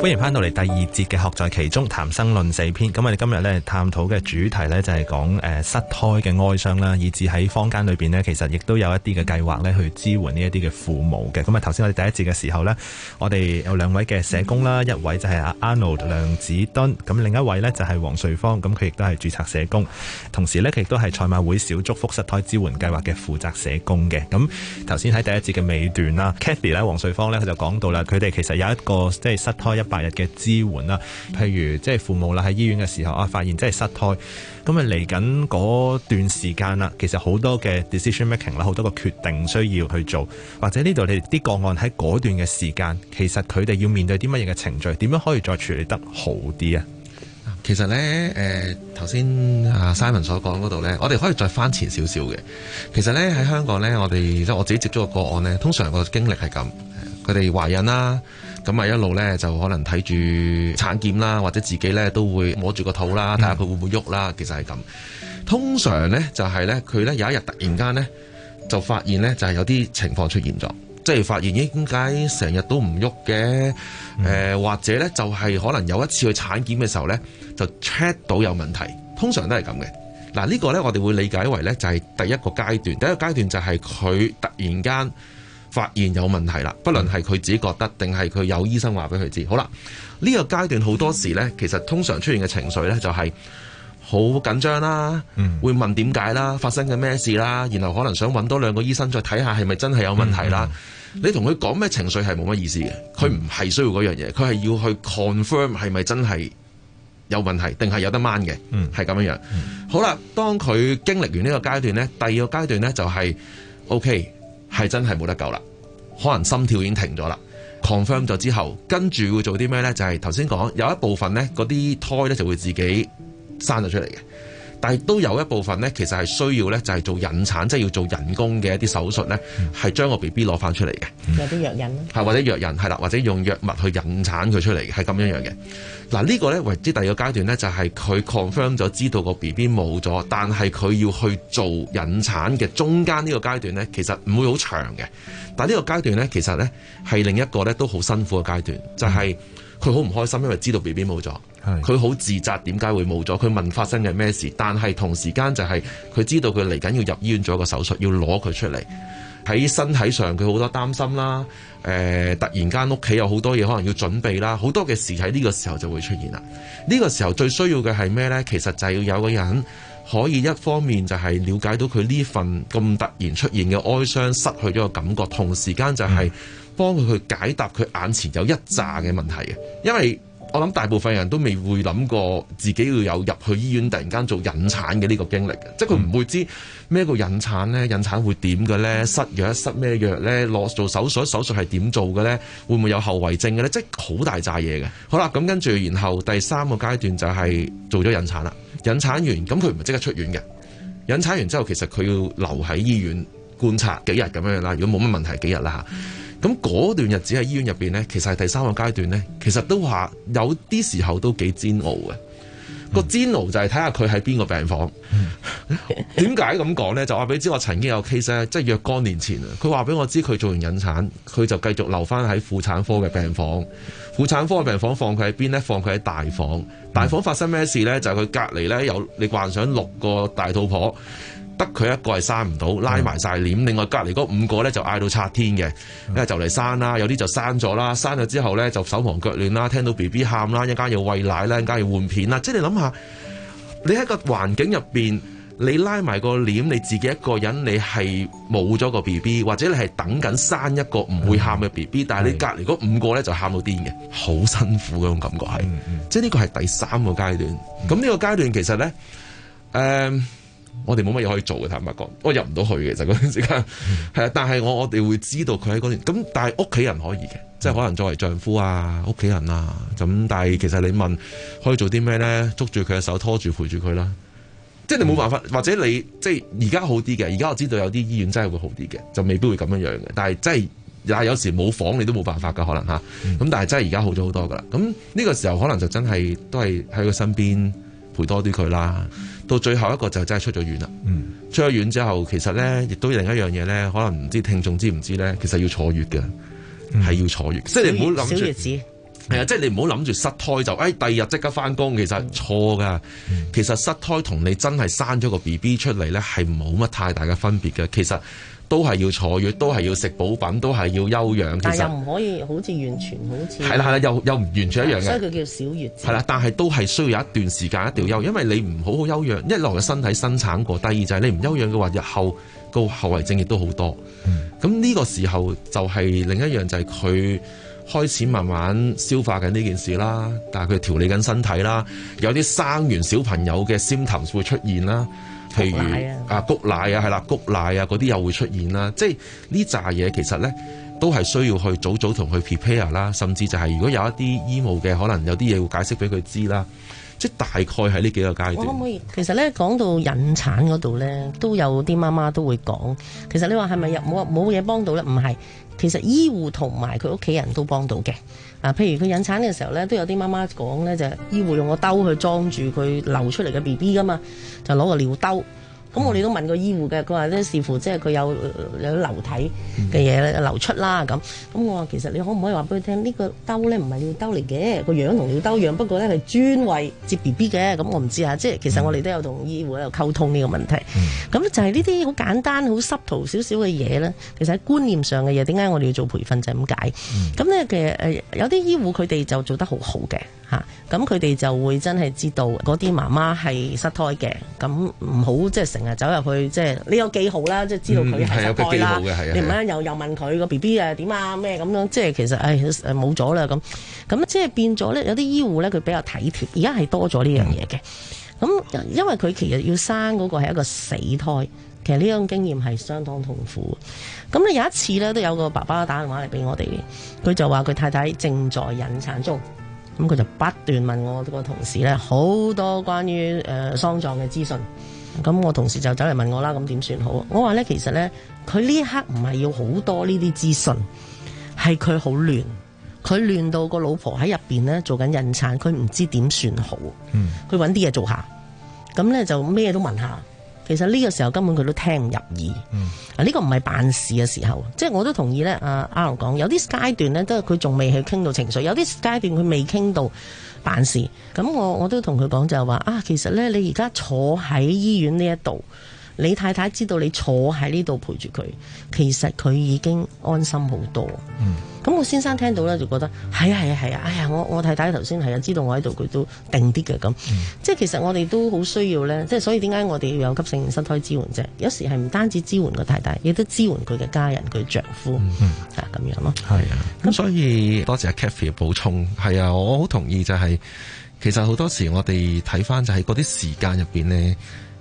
歡迎翻到嚟第二節嘅學在其中談生論死篇。咁我哋今日咧探討嘅主題咧就係講誒、呃、失胎嘅哀傷啦，以至喺坊間裏邊呢，其實亦都有一啲嘅計劃咧去支援呢一啲嘅父母嘅。咁啊，頭先我哋第一節嘅時候呢，我哋有兩位嘅社工啦，一位就係阿 Arnold 梁梓敦，咁另一位呢就係王瑞芳，咁佢亦都係註冊社工，同時呢，佢亦都係賽馬會小祝福失胎支援計劃嘅負責社工嘅。咁頭先喺第一節嘅尾段啦，Kathy 咧王瑞芳呢，佢就講到啦，佢哋其實有一個即係、就是、失胎一。八日嘅支援啦，譬如即係父母啦，喺醫院嘅時候啊，發現即係失胎，咁啊嚟緊嗰段時間啦，其實好多嘅 decision making 啦，好多個決定需要去做，或者呢度你啲個案喺嗰段嘅時間，其實佢哋要面對啲乜嘢嘅程序，點樣可以再處理得好啲啊？其實咧，誒、呃，頭先阿 Simon 所講嗰度咧，我哋可以再翻前少少嘅。其實咧喺香港咧，我哋即係我自己接觸個個案咧，通常個經歷係咁。佢哋懷孕啦，咁啊一路咧就可能睇住產檢啦，或者自己咧都會摸住個肚啦，睇下佢會唔會喐啦。其實係咁，通常咧就係咧佢咧有一日突然間咧就發現咧就係有啲情況出現咗，即係發現咦，點解成日都唔喐嘅？誒或者咧就係可能有一次去產檢嘅時候咧就 check 到有問題，通常都係咁嘅。嗱，呢個咧我哋會理解為咧就係第一個階段，第一個階段就係佢突然間。發現有問題啦，不論係佢自己覺得，定係佢有醫生話俾佢知。好啦，呢個階段好多時呢，其實通常出現嘅情緒呢，就係好緊張啦，嗯、會問點解啦，發生緊咩事啦，然後可能想揾多兩個醫生再睇下係咪真係有問題啦。嗯、你同佢講咩情緒係冇乜意思嘅，佢唔係需要嗰樣嘢，佢係要去 confirm 係咪真係有問題，定係有得掹嘅，係咁樣樣。好啦，當佢經歷完呢個階段呢，第二個階段呢就係 OK。係真係冇得救啦，可能心跳已經停咗啦。confirm 咗之後，跟住會做啲咩呢？就係頭先講有一部分呢，嗰啲胎呢，就會自己生咗出嚟嘅。但係都有一部分咧，其實係需要咧，就係、是、做引產，即、就、係、是、要做人工嘅一啲手術咧，係、嗯、將個 B B 攞翻出嚟嘅，有啲藥引，是的或者藥引係啦，或者用藥物去引產佢出嚟，係咁樣樣嘅。嗱、啊這個、呢個咧為之第二個階段咧，就係、是、佢 confirm 咗知道個 B B 冇咗，但係佢要去做引產嘅中間呢個階段咧，其實唔會好長嘅。但係呢個階段咧，其實咧係另一個咧都好辛苦嘅階段，就係佢好唔開心，因為知道 B B 冇咗。佢好自責，點解會冇咗？佢問發生緊咩事，但係同時間就係佢知道佢嚟緊要入醫院做一個手術，要攞佢出嚟。喺身體上佢好多擔心啦，誒、呃，突然間屋企有好多嘢可能要準備啦，好多嘅事喺呢個時候就會出現啦。呢、呢個時候最需要嘅係咩呢？其實就係要有個人可以一方面就係了解到佢呢份咁突然出現嘅哀傷、失去咗個感覺，同時間就係幫佢去解答佢眼前有一紮嘅問題，因為，我諗大部分人都未會諗過自己要有入去醫院突然間做引產嘅呢個經歷，即係佢唔會知咩叫引產呢？引產會點嘅呢？失藥失咩藥呢？落做手術手術係點做嘅呢？會唔會有後遺症嘅呢？即係好大紮嘢嘅。好啦，咁跟住然後第三個階段就係做咗引產啦，引產完咁佢唔係即刻出院嘅，引產完之後其實佢要留喺醫院觀察幾日咁樣啦，如果冇乜問題幾日啦。咁嗰段日子喺醫院入面呢，其實係第三個階段呢。其實都話有啲時候都幾煎熬嘅。嗯、個煎熬就係睇下佢喺邊個病房。點解咁講呢？就話俾你知，我曾經有 case 呢，即係若干年前，佢話俾我知佢做完引產，佢就繼續留翻喺婦產科嘅病房。婦產科嘅病房放佢喺邊呢？放佢喺大房。大房發生咩事呢？就係佢隔離呢，有你幻想六個大肚婆。得佢一個係生唔到，拉埋晒簾，嗯、另外隔籬嗰五個咧就嗌到拆天嘅，因為、嗯、就嚟生啦，有啲就生咗啦，生咗之後咧就手忙腳亂啦，聽到 B B 喊啦，一間要餵奶啦，一間要換片啦，即係你諗下，你喺個環境入邊，你拉埋個簾，你自己一個人，你係冇咗個 B B，或者你係等緊生一個唔會喊嘅 B B，但係你隔籬嗰五個咧就喊到癲嘅，好辛苦嗰種感覺係，嗯嗯、即係呢個係第三個階段，咁呢、嗯、個階段其實咧，誒、呃。我哋冇乜嘢可以做嘅，坦白講，我入唔到去嘅，其實嗰段時間係啊。但係我我哋會知道佢喺嗰段咁，但係屋企人可以嘅，嗯、即係可能作為丈夫啊、屋企人啊咁。但係其實你問可以做啲咩咧？捉住佢嘅手，拖住陪住佢啦。即係你冇辦法，嗯、或者你即係而家好啲嘅。而家我知道有啲醫院真係會好啲嘅，就未必會咁樣樣嘅。但係真係，有時冇房你都冇辦法噶，可能吓。咁、啊嗯嗯、但係真係而家好咗好多噶啦。咁呢個時候可能就真係都係喺佢身邊。陪多啲佢啦，到最後一個就真係出咗院啦。嗯、出咗院之後，其實咧，亦都另一樣嘢咧，可能唔知聽眾知唔知咧，其實要坐月嘅，係、嗯、要坐月。即係你唔好諗住，啊，即係你唔好諗住失胎就哎，第二日即刻翻工，其實錯㗎。嗯、其實失胎同你真係生咗個 BB 出嚟咧，係冇乜太大嘅分別嘅。其實。都係要坐月，都係要食補品，都係要休養。其實唔可以好似完全好似係啦係啦，又又唔完全一樣嘅。所以佢叫小月。係啦，但係都係需要有一段時間一調休，因為你唔好好休養，一來個身體生產過，第二就係你唔休養嘅話，日後個後遺症亦都好多。咁呢、嗯、個時候就係另一樣就係、是、佢開始慢慢消化緊呢件事啦，但係佢調理緊身體啦，有啲生完小朋友嘅心頭會出現啦。譬如啊，谷奶啊，係啦、啊，谷奶啊，嗰啲、啊、又會出現啦。即係呢扎嘢其實咧，都係需要去早早同佢 prepare 啦，甚至就係如果有一啲醫務嘅，可能有啲嘢會解釋俾佢知啦。即大概係呢幾個階段。我可唔可以？其實咧，講到引產嗰度咧，都有啲媽媽都會講。其實你話係咪入冇冇嘢幫到咧？唔係，其實醫護同埋佢屋企人都幫到嘅。啊，譬如佢引產嘅時候咧，都有啲媽媽講咧，就係、醫護用個兜去裝住佢流出嚟嘅 BB 噶嘛，就攞個尿兜。咁、嗯、我哋都問過醫護嘅，佢話咧，視乎即係佢有有流體嘅嘢流出啦咁。咁我話其實你可唔可以話俾佢聽，呢、這個兜咧唔係尿兜嚟嘅，個樣同尿兜樣，不過咧係專為接 B B 嘅。咁我唔知啊，即係其實我哋都有同醫護喺度溝通呢個問題。咁、嗯、就係呢啲好簡單、好濕圖少少嘅嘢咧，其實喺觀念上嘅嘢，點解我哋要做培訓就係咁解。咁咧、嗯、其實有啲醫護佢哋就做得好好嘅吓，咁佢哋就會真係知道嗰啲媽媽係失胎嘅，咁唔好即係成。就是走入去，即係你有記號啦，即係知道佢係死胎啦。咁咧、嗯、又的又問佢個 BB 啊點啊咩咁樣，即係其實誒冇咗啦。咁咁即係變咗咧，有啲醫護咧佢比較體貼，而家係多咗呢樣嘢嘅。咁、嗯、因為佢其實要生嗰個係一個死胎，其實呢種經驗係相當痛苦的。咁咧有一次咧都有個爸爸打電話嚟俾我哋，佢就話佢太太正在引產中，咁佢就不斷問我個同事咧好多關於誒、呃、喪葬嘅資訊。咁我同事就走嚟問我啦，咁點算好？我話咧，其實咧，佢呢一刻唔係要好多呢啲資訊，係佢好亂，佢亂到個老婆喺入面咧做緊引產，佢唔知點算好。佢揾啲嘢做下，咁咧就咩都問下。其實呢個時候根本佢都聽唔入耳。嗯、啊，呢、這個唔係辦事嘅時候，即、就、係、是、我都同意咧。阿阿龍講，有啲階段咧都係佢仲未去傾到情緒，有啲階段佢未傾到。辦事咁，我我都同佢講就話啊，其實呢，你而家坐喺醫院呢一度。你太太知道你坐喺呢度陪住佢，其實佢已經安心好多。咁、嗯、我先生聽到咧就覺得係啊係啊係啊，哎呀我我太太頭先係啊，知道我喺度佢都定啲嘅咁。嗯、即係其實我哋都好需要咧，即係所以點解我哋要有急性妊娠失胎支援啫？有時係唔單止支援個太太，亦都支援佢嘅家人、佢丈夫啊咁、嗯、樣咯。係啊，咁那所以多謝 Cathy 嘅補充係啊，我好同意就係、是、其實好多時我哋睇翻就係嗰啲時間入邊咧。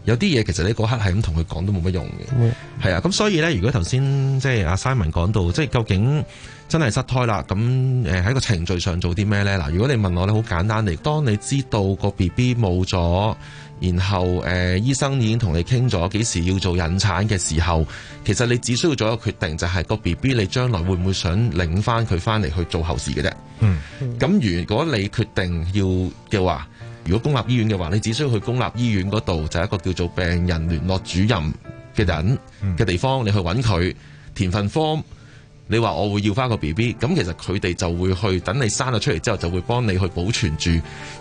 有啲嘢，其實你嗰刻係咁同佢講都冇乜用嘅，係啊、嗯，咁所以呢，如果頭先即係阿 Simon 講到，即係究竟真係失胎啦，咁誒喺個程序上做啲咩呢？嗱，如果你問我咧，好簡單嚟，當你知道個 BB 冇咗，然後誒、呃、醫生已經同你傾咗幾時要做引產嘅時候，其實你只需要做一個決定，就係、是、個 BB 你將來會唔會想領翻佢翻嚟去做後事嘅啫、嗯。嗯，咁如果你決定要嘅話。如果公立醫院嘅話，你只需要去公立醫院嗰度，就係一個叫做病人聯絡主任嘅人嘅地方，你去揾佢填份 form。你話我會要翻個 B B，咁其實佢哋就會去等你生咗出嚟之後，就會幫你去保存住，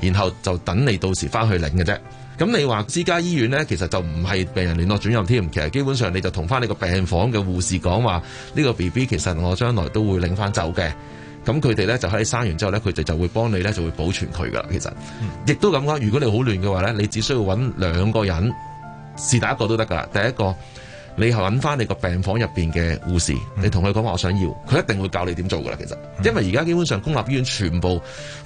然後就等你到時翻去領嘅啫。咁你話私家醫院呢，其實就唔係病人聯絡主任添，其實基本上你就同翻你個病房嘅護士講話，呢個 B B 其實我將來都會領翻走嘅。咁佢哋咧就喺你生完之後咧，佢哋就會幫你咧就會保存佢噶啦。其實，亦、嗯、都咁啦。如果你好亂嘅話咧，你只需要揾兩個人，先第一個都得噶啦。第一個，你係揾翻你個病房入邊嘅護士，嗯、你同佢講話我想要，佢一定會教你點做噶啦。其實，嗯、因為而家基本上公立醫院全部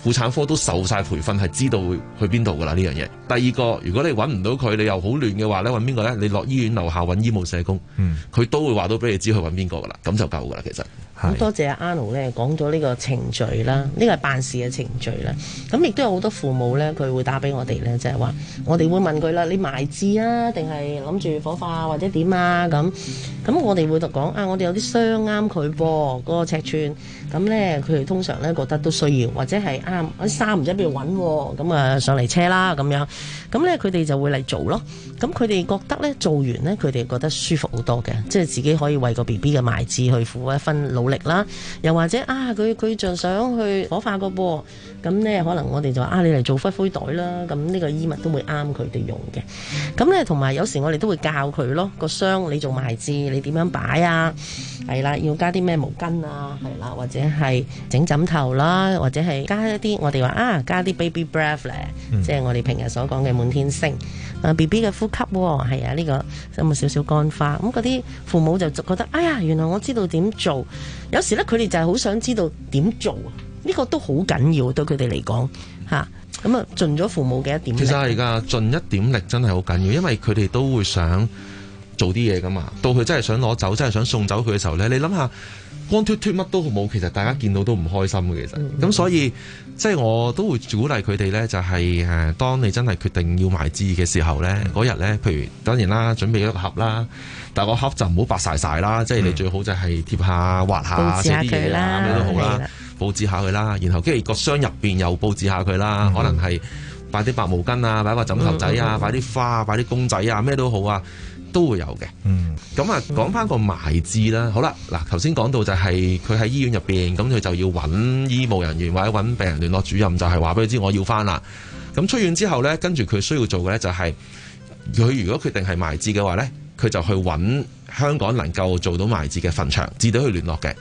婦產科都受晒培訓，係知道去邊度噶啦呢樣嘢。第二個，如果你揾唔到佢，你又好亂嘅話咧，揾邊個咧？你落醫院樓下揾醫務社工，佢、嗯、都會話到俾你知去揾邊個噶啦，咁就夠噶啦。其實。咁多謝阿 a n n 咧講咗呢個程序啦，呢、這個係辦事嘅程序啦。咁亦都有好多父母咧，佢會打俾我哋咧，就係、是、話我哋會問佢啦，你埋置啊，定係諗住火化或者點啊？咁咁我哋會就講啊，我哋有啲相啱佢噃個尺寸，咁咧佢哋通常咧覺得都需要，或者係啱啲衫唔知邊度揾喎，咁啊上嚟車啦咁樣，咁咧佢哋就會嚟做咯。咁佢哋覺得咧做完咧，佢哋覺得舒服好多嘅，即係自己可以為個 B B 嘅埋置去付一分努力。啦，又或者啊，佢佢仲想去火化個噃，咁咧可能我哋就啊，你嚟做骨灰袋啦，咁呢個衣物都會啱佢哋用嘅。咁咧同埋有時我哋都會教佢咯，個箱你做埋字，你點樣擺啊？係啦，要加啲咩毛巾啊？係啦，或者係整枕頭啦，或者係加一啲我哋話啊，加啲 baby breath、嗯、即係我哋平日所講嘅滿天星啊，B B 嘅呼吸係、哦、啊，呢、這個有冇少少乾花？咁嗰啲父母就覺得哎呀，原來我知道點做。有時咧，佢哋就係好想知道點做，呢個都好緊要，對佢哋嚟講吓。咁啊，盡咗父母嘅一點力。其實而家盡一點力真係好緊要，因為佢哋都會想做啲嘢噶嘛。到佢真係想攞走，真係想送走佢嘅時候咧，你諗下光脫脫乜都冇，其實大家見到都唔開心嘅。其實咁所以。即係我都會鼓勵佢哋咧，就係誒，當你真係決定要埋葬嘅時候咧，嗰日咧，譬如當然啦，準備一個盒啦，但係個盒就唔好白晒晒啦，嗯、即係你最好就係貼下畫下寫啲嘢啦，咩都好啦，佈的置下佢啦，然後跟住個箱入面又佈置下佢啦，嗯、可能係擺啲白毛巾啊，擺個枕頭仔啊，擺啲、嗯嗯嗯、花，擺啲公仔啊，咩都好啊。都會有嘅，咁啊講返個埋置啦。好啦，嗱，頭先講到就係佢喺醫院入面，咁佢就要揾醫務人員或者揾病人聯絡主任，就係話俾佢知我要返啦。咁出院之後呢，跟住佢需要做嘅呢，就係，就係佢如果決定係埋置嘅話呢，佢就去揾。香港能夠做到埋置嘅墳場，至到去聯絡嘅。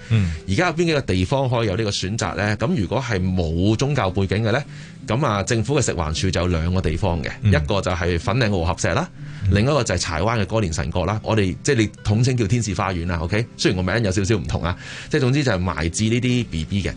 而家有邊幾個地方可以有呢個選擇呢？咁如果係冇宗教背景嘅呢？咁啊，政府嘅食環署就有兩個地方嘅，嗯、一個就係粉嶺嘅和合石啦，嗯、另一個就係柴灣嘅哥連臣角啦。我哋即係你統稱叫天使花園啦。OK，雖然個名有少少唔同啊，即係總之就係埋置呢啲 BB 嘅。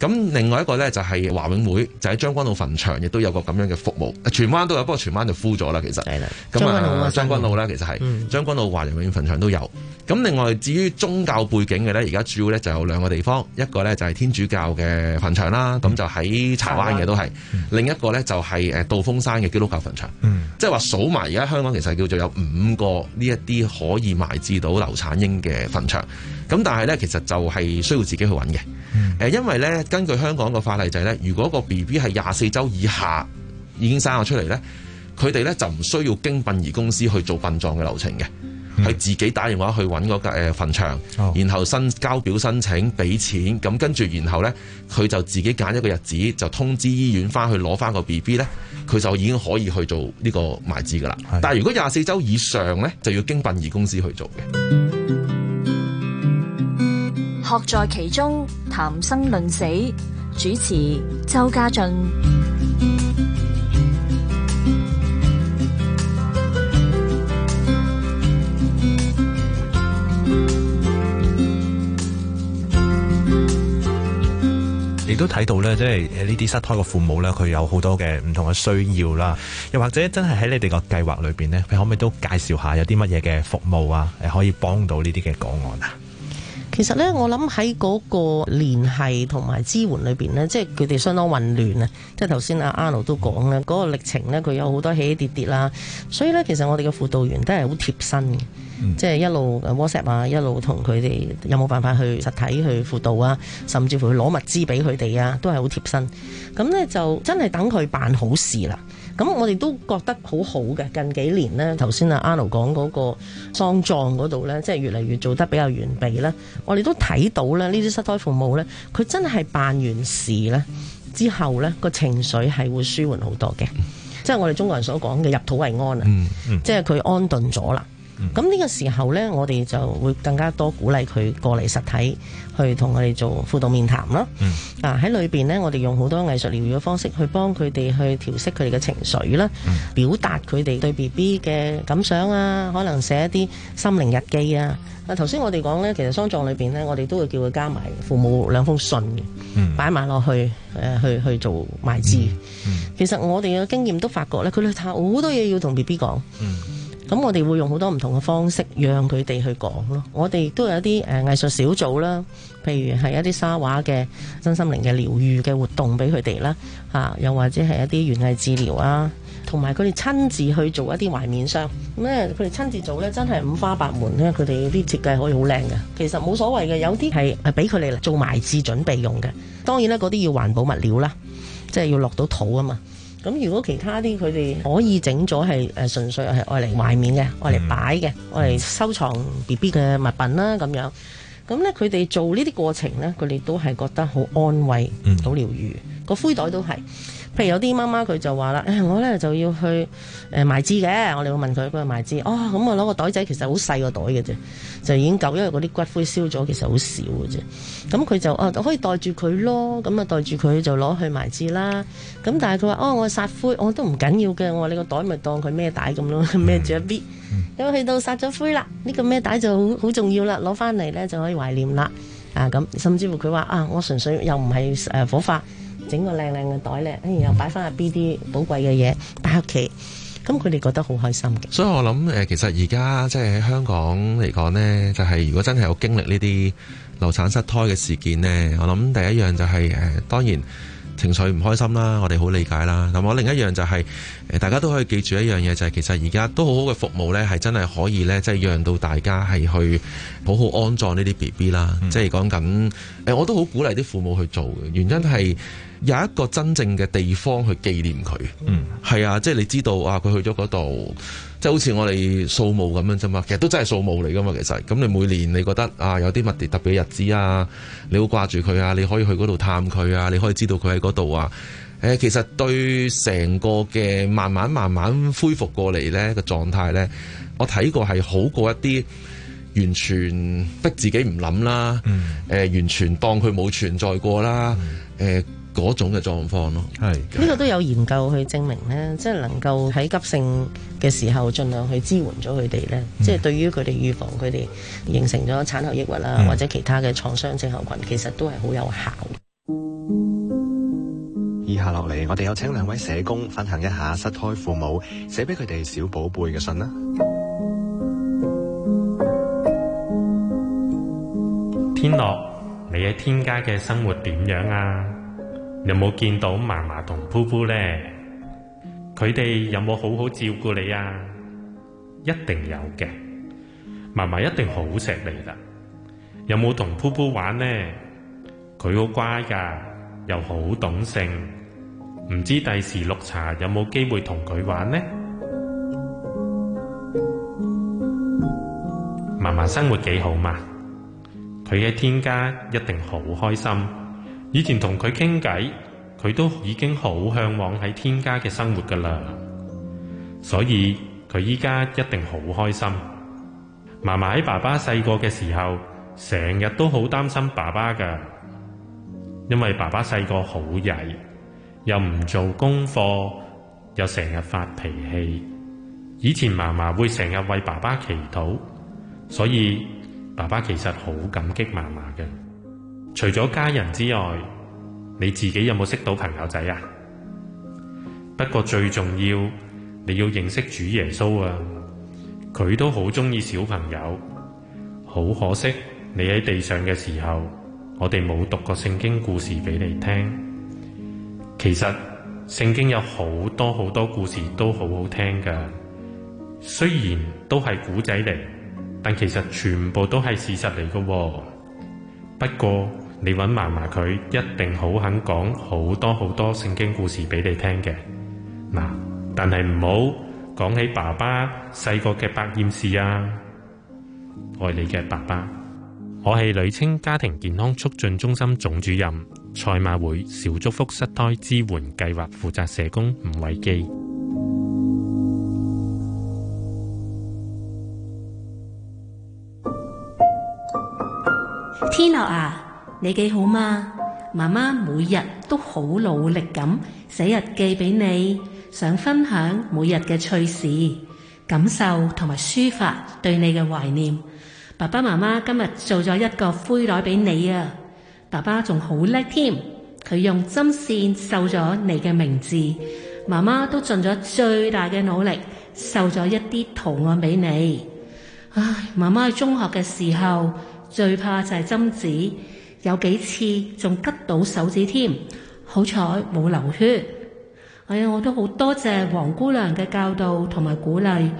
咁另外一個咧就係華永會，就喺將軍澳墳場，亦都有個咁樣嘅服務，荃灣都有，不過荃灣就 full 咗啦，其實。啦、嗯。咁、嗯、啊，將軍澳啦，年其實係將軍澳華仁永遠墳場都有。咁另外至於宗教背景嘅咧，而家主要咧就有兩個地方，一個咧就係天主教嘅墳場啦，咁、嗯、就喺柴灣嘅都係；嗯、另一個咧就係誒道風山嘅基督教墳場。嗯、即係話數埋，而家香港其實叫做有五個呢一啲可以埋置到流產嬰嘅墳場。咁但係咧，其實就係需要自己去揾嘅。誒，嗯、因為咧，根據香港個法例就係、是、咧，如果個 B B 係廿四周以下已經生咗出嚟咧，佢哋咧就唔需要經殯儀公司去做殯葬嘅流程嘅，係、嗯、自己打電話去搵嗰、那個誒墳、呃、場，哦、然後申交表申請俾錢，咁跟住然後咧，佢就自己揀一個日子，就通知醫院翻去攞翻個 B B 咧，佢就已經可以去做呢個埋置噶啦。的但係如果廿四周以上咧，就要經殯儀公司去做嘅。學在其中，談生論死。主持周家俊，亦都睇到咧，即係呢啲失胎嘅父母咧，佢有好多嘅唔同嘅需要啦。又或者真係喺你哋嘅計劃裏邊咧，你可唔可以都介紹下有啲乜嘢嘅服務啊？誒，可以幫到呢啲嘅個案啊？其實呢，我諗喺嗰個聯繫同埋支援裏邊呢，即係佢哋相當混亂啊！即係頭先阿 Arnold 都講咧，嗰、嗰個歷程呢，佢有好多起起跌跌啦。所以呢，其實我哋嘅輔導員都係好貼身嘅，嗯、即係一路 WhatsApp 啊，一路同佢哋有冇辦法去實體去輔導啊，甚至乎去攞物資俾佢哋啊，都係好貼身。咁呢，就真係等佢辦好事啦。咁我哋都覺得好好嘅，近幾年呢，頭先阿 Arnold 講嗰個喪葬嗰度呢，即係越嚟越做得比較完備啦。我哋都睇到咧，呢啲失胎服務呢，佢真係辦完事呢之後呢，個情緒係會舒緩好多嘅，即係我哋中國人所講嘅入土為安啊，嗯嗯、即係佢安頓咗啦。咁呢、嗯、個時候呢，我哋就會更加多鼓勵佢過嚟實體去同我哋做輔導面談啦。嗯、啊喺裏面呢，我哋用好多藝術療愈嘅方式去幫佢哋去調適佢哋嘅情緒啦，嗯、表達佢哋對 B B 嘅感想啊，可能寫一啲心靈日記啊。啊頭先我哋講呢，其實喪葬裏面呢，我哋都會叫佢加埋父母兩封信擺埋落去、呃、去去做埋字。嗯嗯、其實我哋嘅經驗都發覺呢，佢哋有好多嘢要同 B B 講。嗯咁我哋會用好多唔同嘅方式，讓佢哋去講咯。我哋亦都有一啲藝術小組啦，譬如係一啲沙畫嘅、身心靈嘅療愈嘅活動俾佢哋啦，又或者係一啲園藝治療啊，同埋佢哋親自去做一啲懷緬箱。咁咧，佢哋親自做咧，真係五花八門咧。佢哋啲設計可以好靚嘅，其實冇所謂嘅。有啲係係俾佢哋做埋置準備用嘅。當然啦，嗰啲要環保物料啦，即係要落到土啊嘛。咁如果其他啲佢哋可以整咗係，誒、純粹係愛嚟懷念嘅，愛嚟擺嘅，愛嚟收藏 B B 嘅物品啦咁樣，咁咧佢哋做呢啲過程咧，佢哋都係覺得好安慰，嗯，好療愈，個灰袋都係。譬如有啲媽媽佢就話啦，誒、哎、我咧就要去誒埋屍嘅，我哋會問佢，佢話埋屍，哦咁我攞個袋仔其實好細個袋嘅啫，就已經夠，因為嗰啲骨灰燒咗，其實好少嘅啫。咁、嗯、佢就哦、啊、可以袋住佢咯，咁啊袋住佢就攞去埋屍啦。咁、嗯、但係佢話哦我撒灰，我都唔緊要嘅，我話你個袋咪當佢孭帶咁咯，孭住一 B、嗯。咁去到撒咗灰啦，呢、這個孭帶就好好重要啦，攞翻嚟咧就可以懷念啦。啊咁、嗯，甚至乎佢話啊我純粹又唔係誒火化。整個靚靚嘅袋咧，然後，擺翻入 B B 寶貴嘅嘢，擺屋企，咁佢哋覺得好開心嘅。所以我諗誒，其實而家即係喺香港嚟講咧，就係如果真係有經歷呢啲流產失胎嘅事件咧，我諗第一樣就係誒，當然情緒唔開心啦，我哋好理解啦。同埋另一樣就係誒，大家都可以記住一樣嘢，就係其實而家都好好嘅服務咧，係真係可以咧，即係讓到大家係去好好安葬呢啲 B B 啦，即係講緊誒，我都好鼓勵啲父母去做嘅，原因係，有一個真正嘅地方去紀念佢，嗯，係啊，即係你知道啊，佢去咗嗰度，即係好似我哋掃墓咁樣啫嘛。其實都真係掃墓嚟噶嘛，其實。咁你每年你覺得啊，有啲乜嘢特別嘅日子啊，你好掛住佢啊，你可以去嗰度探佢啊，你可以知道佢喺嗰度啊。誒、欸，其實對成個嘅慢慢慢慢恢復過嚟呢個狀態呢，我睇過係好過一啲完全逼自己唔諗啦，誒、嗯呃，完全當佢冇存在過啦，誒、呃。嗰種嘅狀況咯，係呢、就係、個都有研究去證明咧，即、就、係、係、能夠喺急性嘅時候，盡量去支援咗佢哋咧，即係、嗯、對於佢哋預防佢哋形成咗產後抑鬱啦，嗯、或者其他嘅創傷症候群，其實都係好有效。以下落嚟，我哋有請兩位社工分享一下失胎父母寫俾佢哋小寶貝嘅信啦。天樂，你喺天家嘅生活點樣啊？有冇見到嫲嫲同噗噗呢？佢哋有冇好好照顧你啊？一定有嘅，嫲嫲一定好錫你啦。有冇同噗噗玩呢？佢好乖㗎，又好懂性。唔知第時綠茶有冇機會同佢玩呢？嫲嫲生活幾好嘛？佢嘅天家一定好開心。以前同佢傾偈，佢都已經好向往喺天家嘅生活㗎喇，所以佢依家一定好開心。嫲嫲喺爸爸細個嘅時候，成日都好擔心爸爸㗎，因為爸爸細個好曳，又唔做功課，又成日發脾氣。以前嫲嫲會成日為爸爸祈禱，所以爸爸其實好感激嫲嫲嘅。除咗家人之外，你自己有冇識到朋友仔啊？不過最重要，你要認識主耶穌啊！佢都好鍾意小朋友。好可惜，你喺地上嘅時候，我哋冇讀過聖經故事俾你聽。其實聖經有好多好多故事都好好聽噶，雖然都係古仔嚟，但其實全部都係事實嚟噶。不過，你揾嫲嫲佢一定好肯講好多好多聖經故事俾你聽嘅。嗱，啊，但係唔好講起爸爸細個嘅百厭事啊！愛你嘅爸爸，我係女青家庭健康促進中心總主任，賽馬會小祝福失胎支援計劃負責社工吳偉基。天樂啊！你幾好嘛？媽媽每日都好努力咁寫日記俾你，想分享每日嘅趣事、感受同埋抒發對你嘅懷念。爸爸媽媽今日做咗一個灰袋俾你啊！爸爸仲好叻添，佢用針線繡咗你嘅名字。媽媽都盡咗最大嘅努力繡咗一啲圖案俾你。唉，媽媽喺中學嘅時候最怕就係針子。有幾次仲拮到手指添，好彩冇流血。哎呀，我都好多謝王姑娘嘅教導同埋鼓勵，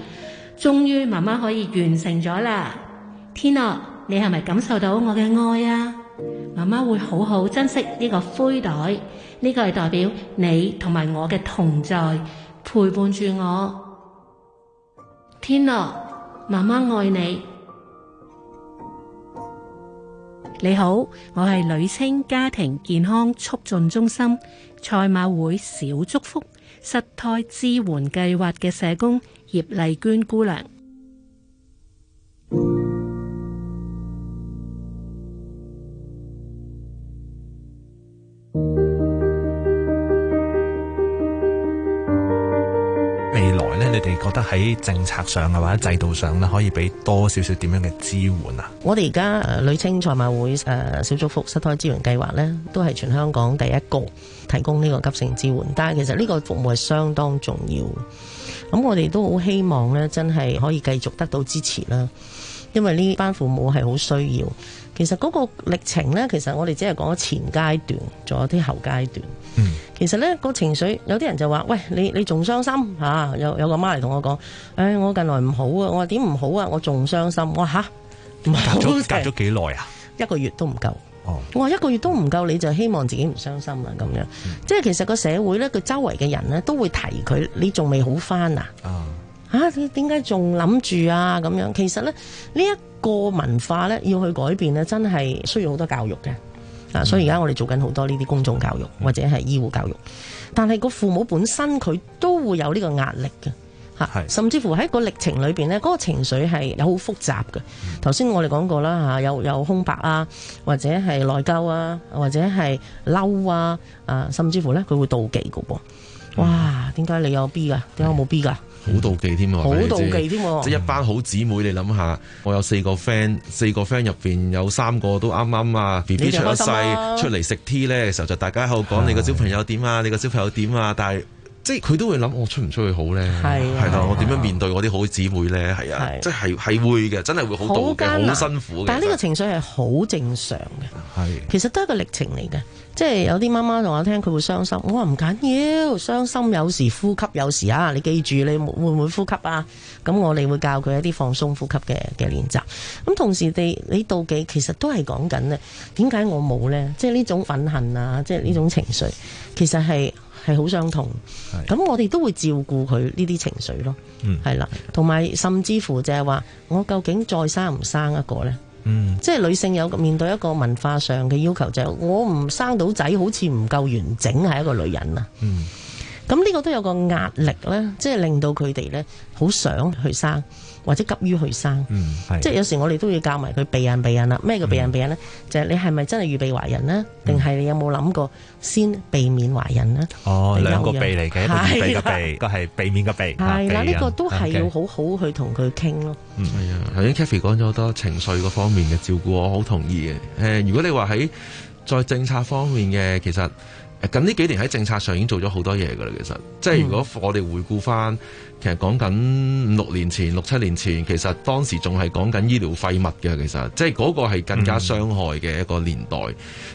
終於媽媽可以完成咗啦。天樂，你係咪感受到我嘅愛啊？媽媽會好好珍惜呢個灰袋，呢個係代表你同埋我嘅同在，陪伴住我。天樂，媽媽愛你。你好，我係女青家庭健康促進中心賽馬會小祝福失胎支援計劃嘅社工葉麗娟姑娘。你哋覺得喺政策上啊，或者制度上咧，可以俾多少少點樣嘅支援啊？我哋而家女青賽馬會誒、呃、小祝福失胎支援計劃咧，都係全香港第一個提供呢個急性支援。但係其實呢個服務係相當重要。咁我哋都好希望咧，真係可以繼續得到支持啦，因為呢班父母係好需要。其實嗰個歷程咧，其實我哋只係講咗前階段，仲有啲後階段。嗯。其實咧、呢個情緒，有啲人就話，喂，你你仲傷心吓？啊、有有個媽嚟同我講，誒、哎、我近來唔好啊，我話點唔好啊，我仲傷心，我吓隔咗隔咗幾耐啊，啊一個月都唔夠，哦、我話一個月都唔夠你就希望自己唔傷心啦咁樣，嗯、即係其實個社會咧，佢周圍嘅人咧都會提佢，你仲未好返、嗯、啊，你啊你點解仲諗住啊咁樣？其實咧呢一、這個文化咧要去改變咧，真係需要好多教育嘅。啊！所以而家我哋做緊好多呢啲公眾教育或者係醫護教育，但係個父母本身佢都會有呢個壓力嘅吓、啊，甚至乎喺個歷程裏邊呢，嗰、那個情緒係有好複雜嘅。頭先我哋講過啦吓、啊，有有空白啊，或者係內疚啊，或者係嬲啊，啊，甚至乎呢，佢會妒忌噶噃。哇、啊！點解你有 B 噶？點解我冇 B 噶？好妒忌添喎，好妒忌添喎，即一班好姊妹，的你諗下，我有四個 friend，四個 friend 入邊有三個都啱啱啊，BB 出咗世出嚟食 tea 咧嘅時候，就大家喺度講你個小朋友點啊，你個小朋友點啊，但係。即係佢都會諗，我出唔出去好咧？係係咯，啊、我點樣面對我啲好姊妹咧？係啊，即係係會嘅，真係會好妒忌、好辛苦嘅。但係呢個情緒係好正常嘅，係、啊、其實都係個歷程嚟嘅。即係有啲媽媽同我聽，佢會傷心。我話唔緊要，傷心有時呼吸有時啊，你記住，你會唔會呼吸啊？咁我哋會教佢一啲放鬆呼吸嘅嘅練習。咁同時地，你妒忌其實都係講緊咧，點解我冇呢？即係呢種憤恨啊，即係呢種情緒，其實係。係好相同，咁是我哋都會照顧佢呢啲情緒咯，係、嗯、啦，同埋甚至乎就係話，我究竟再生唔生一個呢？嗯，即係女性有面對一個文化上嘅要求、就係，就我唔生到仔，好似唔夠完整，係一個女人啊。嗯，咁呢個都有個壓力咧，即係令到佢哋咧，好想去生。或者急於去生，嗯、即係有時候我哋都要教埋佢避孕避孕啦。咩叫避孕避孕咧？嗯、就係你係咪真係預備懷孕咧？定係、嗯、你有冇諗過先避免懷孕咧？哦，兩休個避嚟嘅，的一個避嘅避，個係是的 避免嘅的、啊、避孕。係啦，呢個都係要好好去同佢傾咯。頭先 Cathy 講咗好多情緒個方面嘅照顧，我好同意嘅。誒、呃，如果你話喺在，在政策方面嘅，其實近呢幾年喺政策上已經做咗好多嘢噶啦。其實，即係如果我哋回顧翻。其實講緊五六年前、六七年前，其實當時仲係講緊醫療廢物嘅，其實即係嗰個係更加傷害嘅一個年代。咁、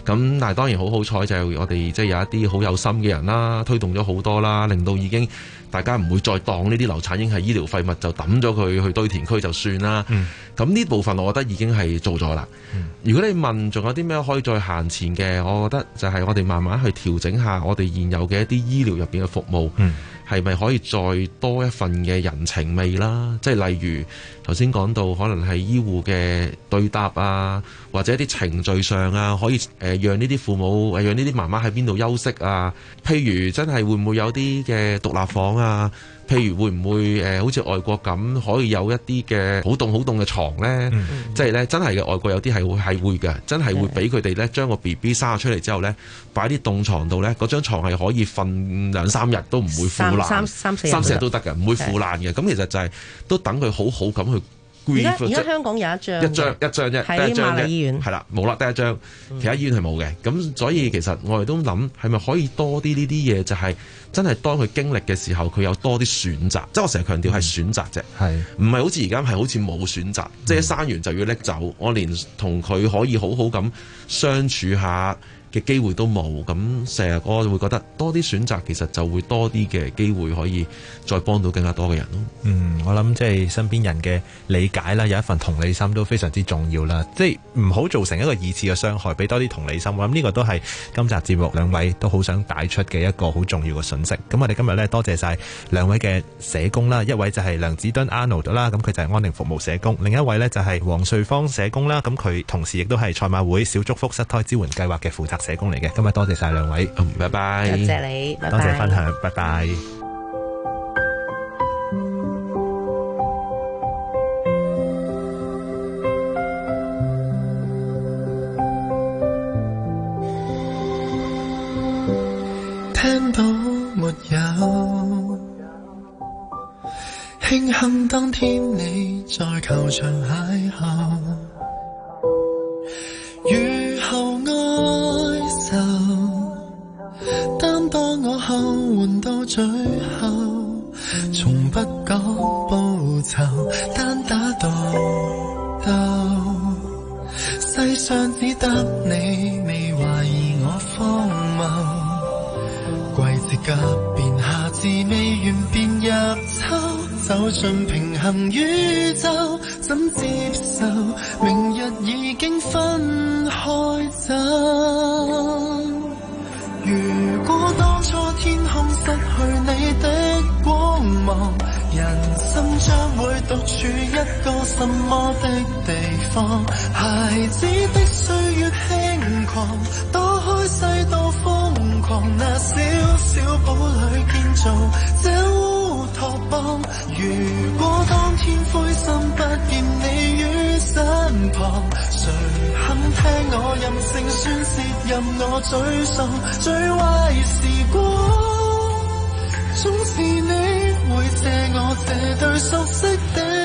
嗯、但係當然好好彩就係我哋即係有一啲好有心嘅人啦，推動咗好多啦，令到已經大家唔會再當呢啲流產已經係醫療廢物，就抌咗佢去堆填區就算啦。咁呢、嗯、部分我覺得已經係做咗啦。如果你問仲有啲咩可以再行前嘅，我覺得就係我哋慢慢去調整下我哋現有嘅一啲醫療入面嘅服務。嗯係咪可以再多一份嘅人情味啦？即係例如，頭先講到可能係醫護嘅對答啊，或者啲程序上啊，可以誒、呃、讓呢啲父母，讓呢啲媽媽喺邊度休息啊？譬如真係會唔會有啲嘅獨立房啊？嗯、譬如會唔會誒好似外國咁，可以有一啲嘅好凍好凍嘅床咧？即係咧，真係嘅外國有啲係會係會嘅，真係會俾佢哋咧將個 B B 生咗出嚟之後咧，擺啲凍床度咧，嗰張床係可以瞓兩三日都唔會腐爛，三三,三四日,三四日都得嘅，唔會腐爛嘅。咁是其實就係、是、都等佢好好咁。而家香港有一張，一張，一張一張一係瑪麗醫院，係啦，冇啦，第一張，其他醫院係冇嘅。咁、嗯、所以其實我哋都諗，係咪可以多啲呢啲嘢？就係、是、真係當佢經歷嘅時候，佢有多啲選擇。即、就、係、是、我成日強調係選擇啫，唔係、嗯、好似而家係好似冇選擇，即、就、係、是、生完就要拎走。我連同佢可以好好咁相處下嘅機會都冇，咁成日我會覺得多啲選擇其實就會多啲嘅機會可以再幫到更加多嘅人咯。嗯，我諗即係身邊人嘅理解啦，有一份同理心都非常之重要啦。即係唔好造成一個二次嘅傷害，俾多啲同理心。我諗呢個都係今集節目兩位都好想帶出嘅一個好重要嘅信息。咁我哋今日呢，多謝晒兩位嘅社工啦，一位就係梁梓敦 Arnold 啦，咁佢就係安寧服務社工；另一位呢，就係王瑞芳社工啦，咁佢同時亦都係賽馬會小祝福失胎支援計劃嘅負責社工嚟嘅，今日多謝晒兩位，拜拜，多謝你，多謝分享，拜拜。聽到沒有？慶幸當天你在球場邂逅。最後，從不講報酬，單打獨鬥，世上只得你未懷疑我荒謬。季節急變，夏至未完便入秋，走進平行宇宙，怎接受？什麼的地方？孩子的歲月輕狂，躲開世道瘋狂。那小小堡裏建造這烏托邦。如果當天灰心不見你於身旁，誰肯聽我任性宣泄，任我沮喪最壞時光，總是你會借我這對熟悉的。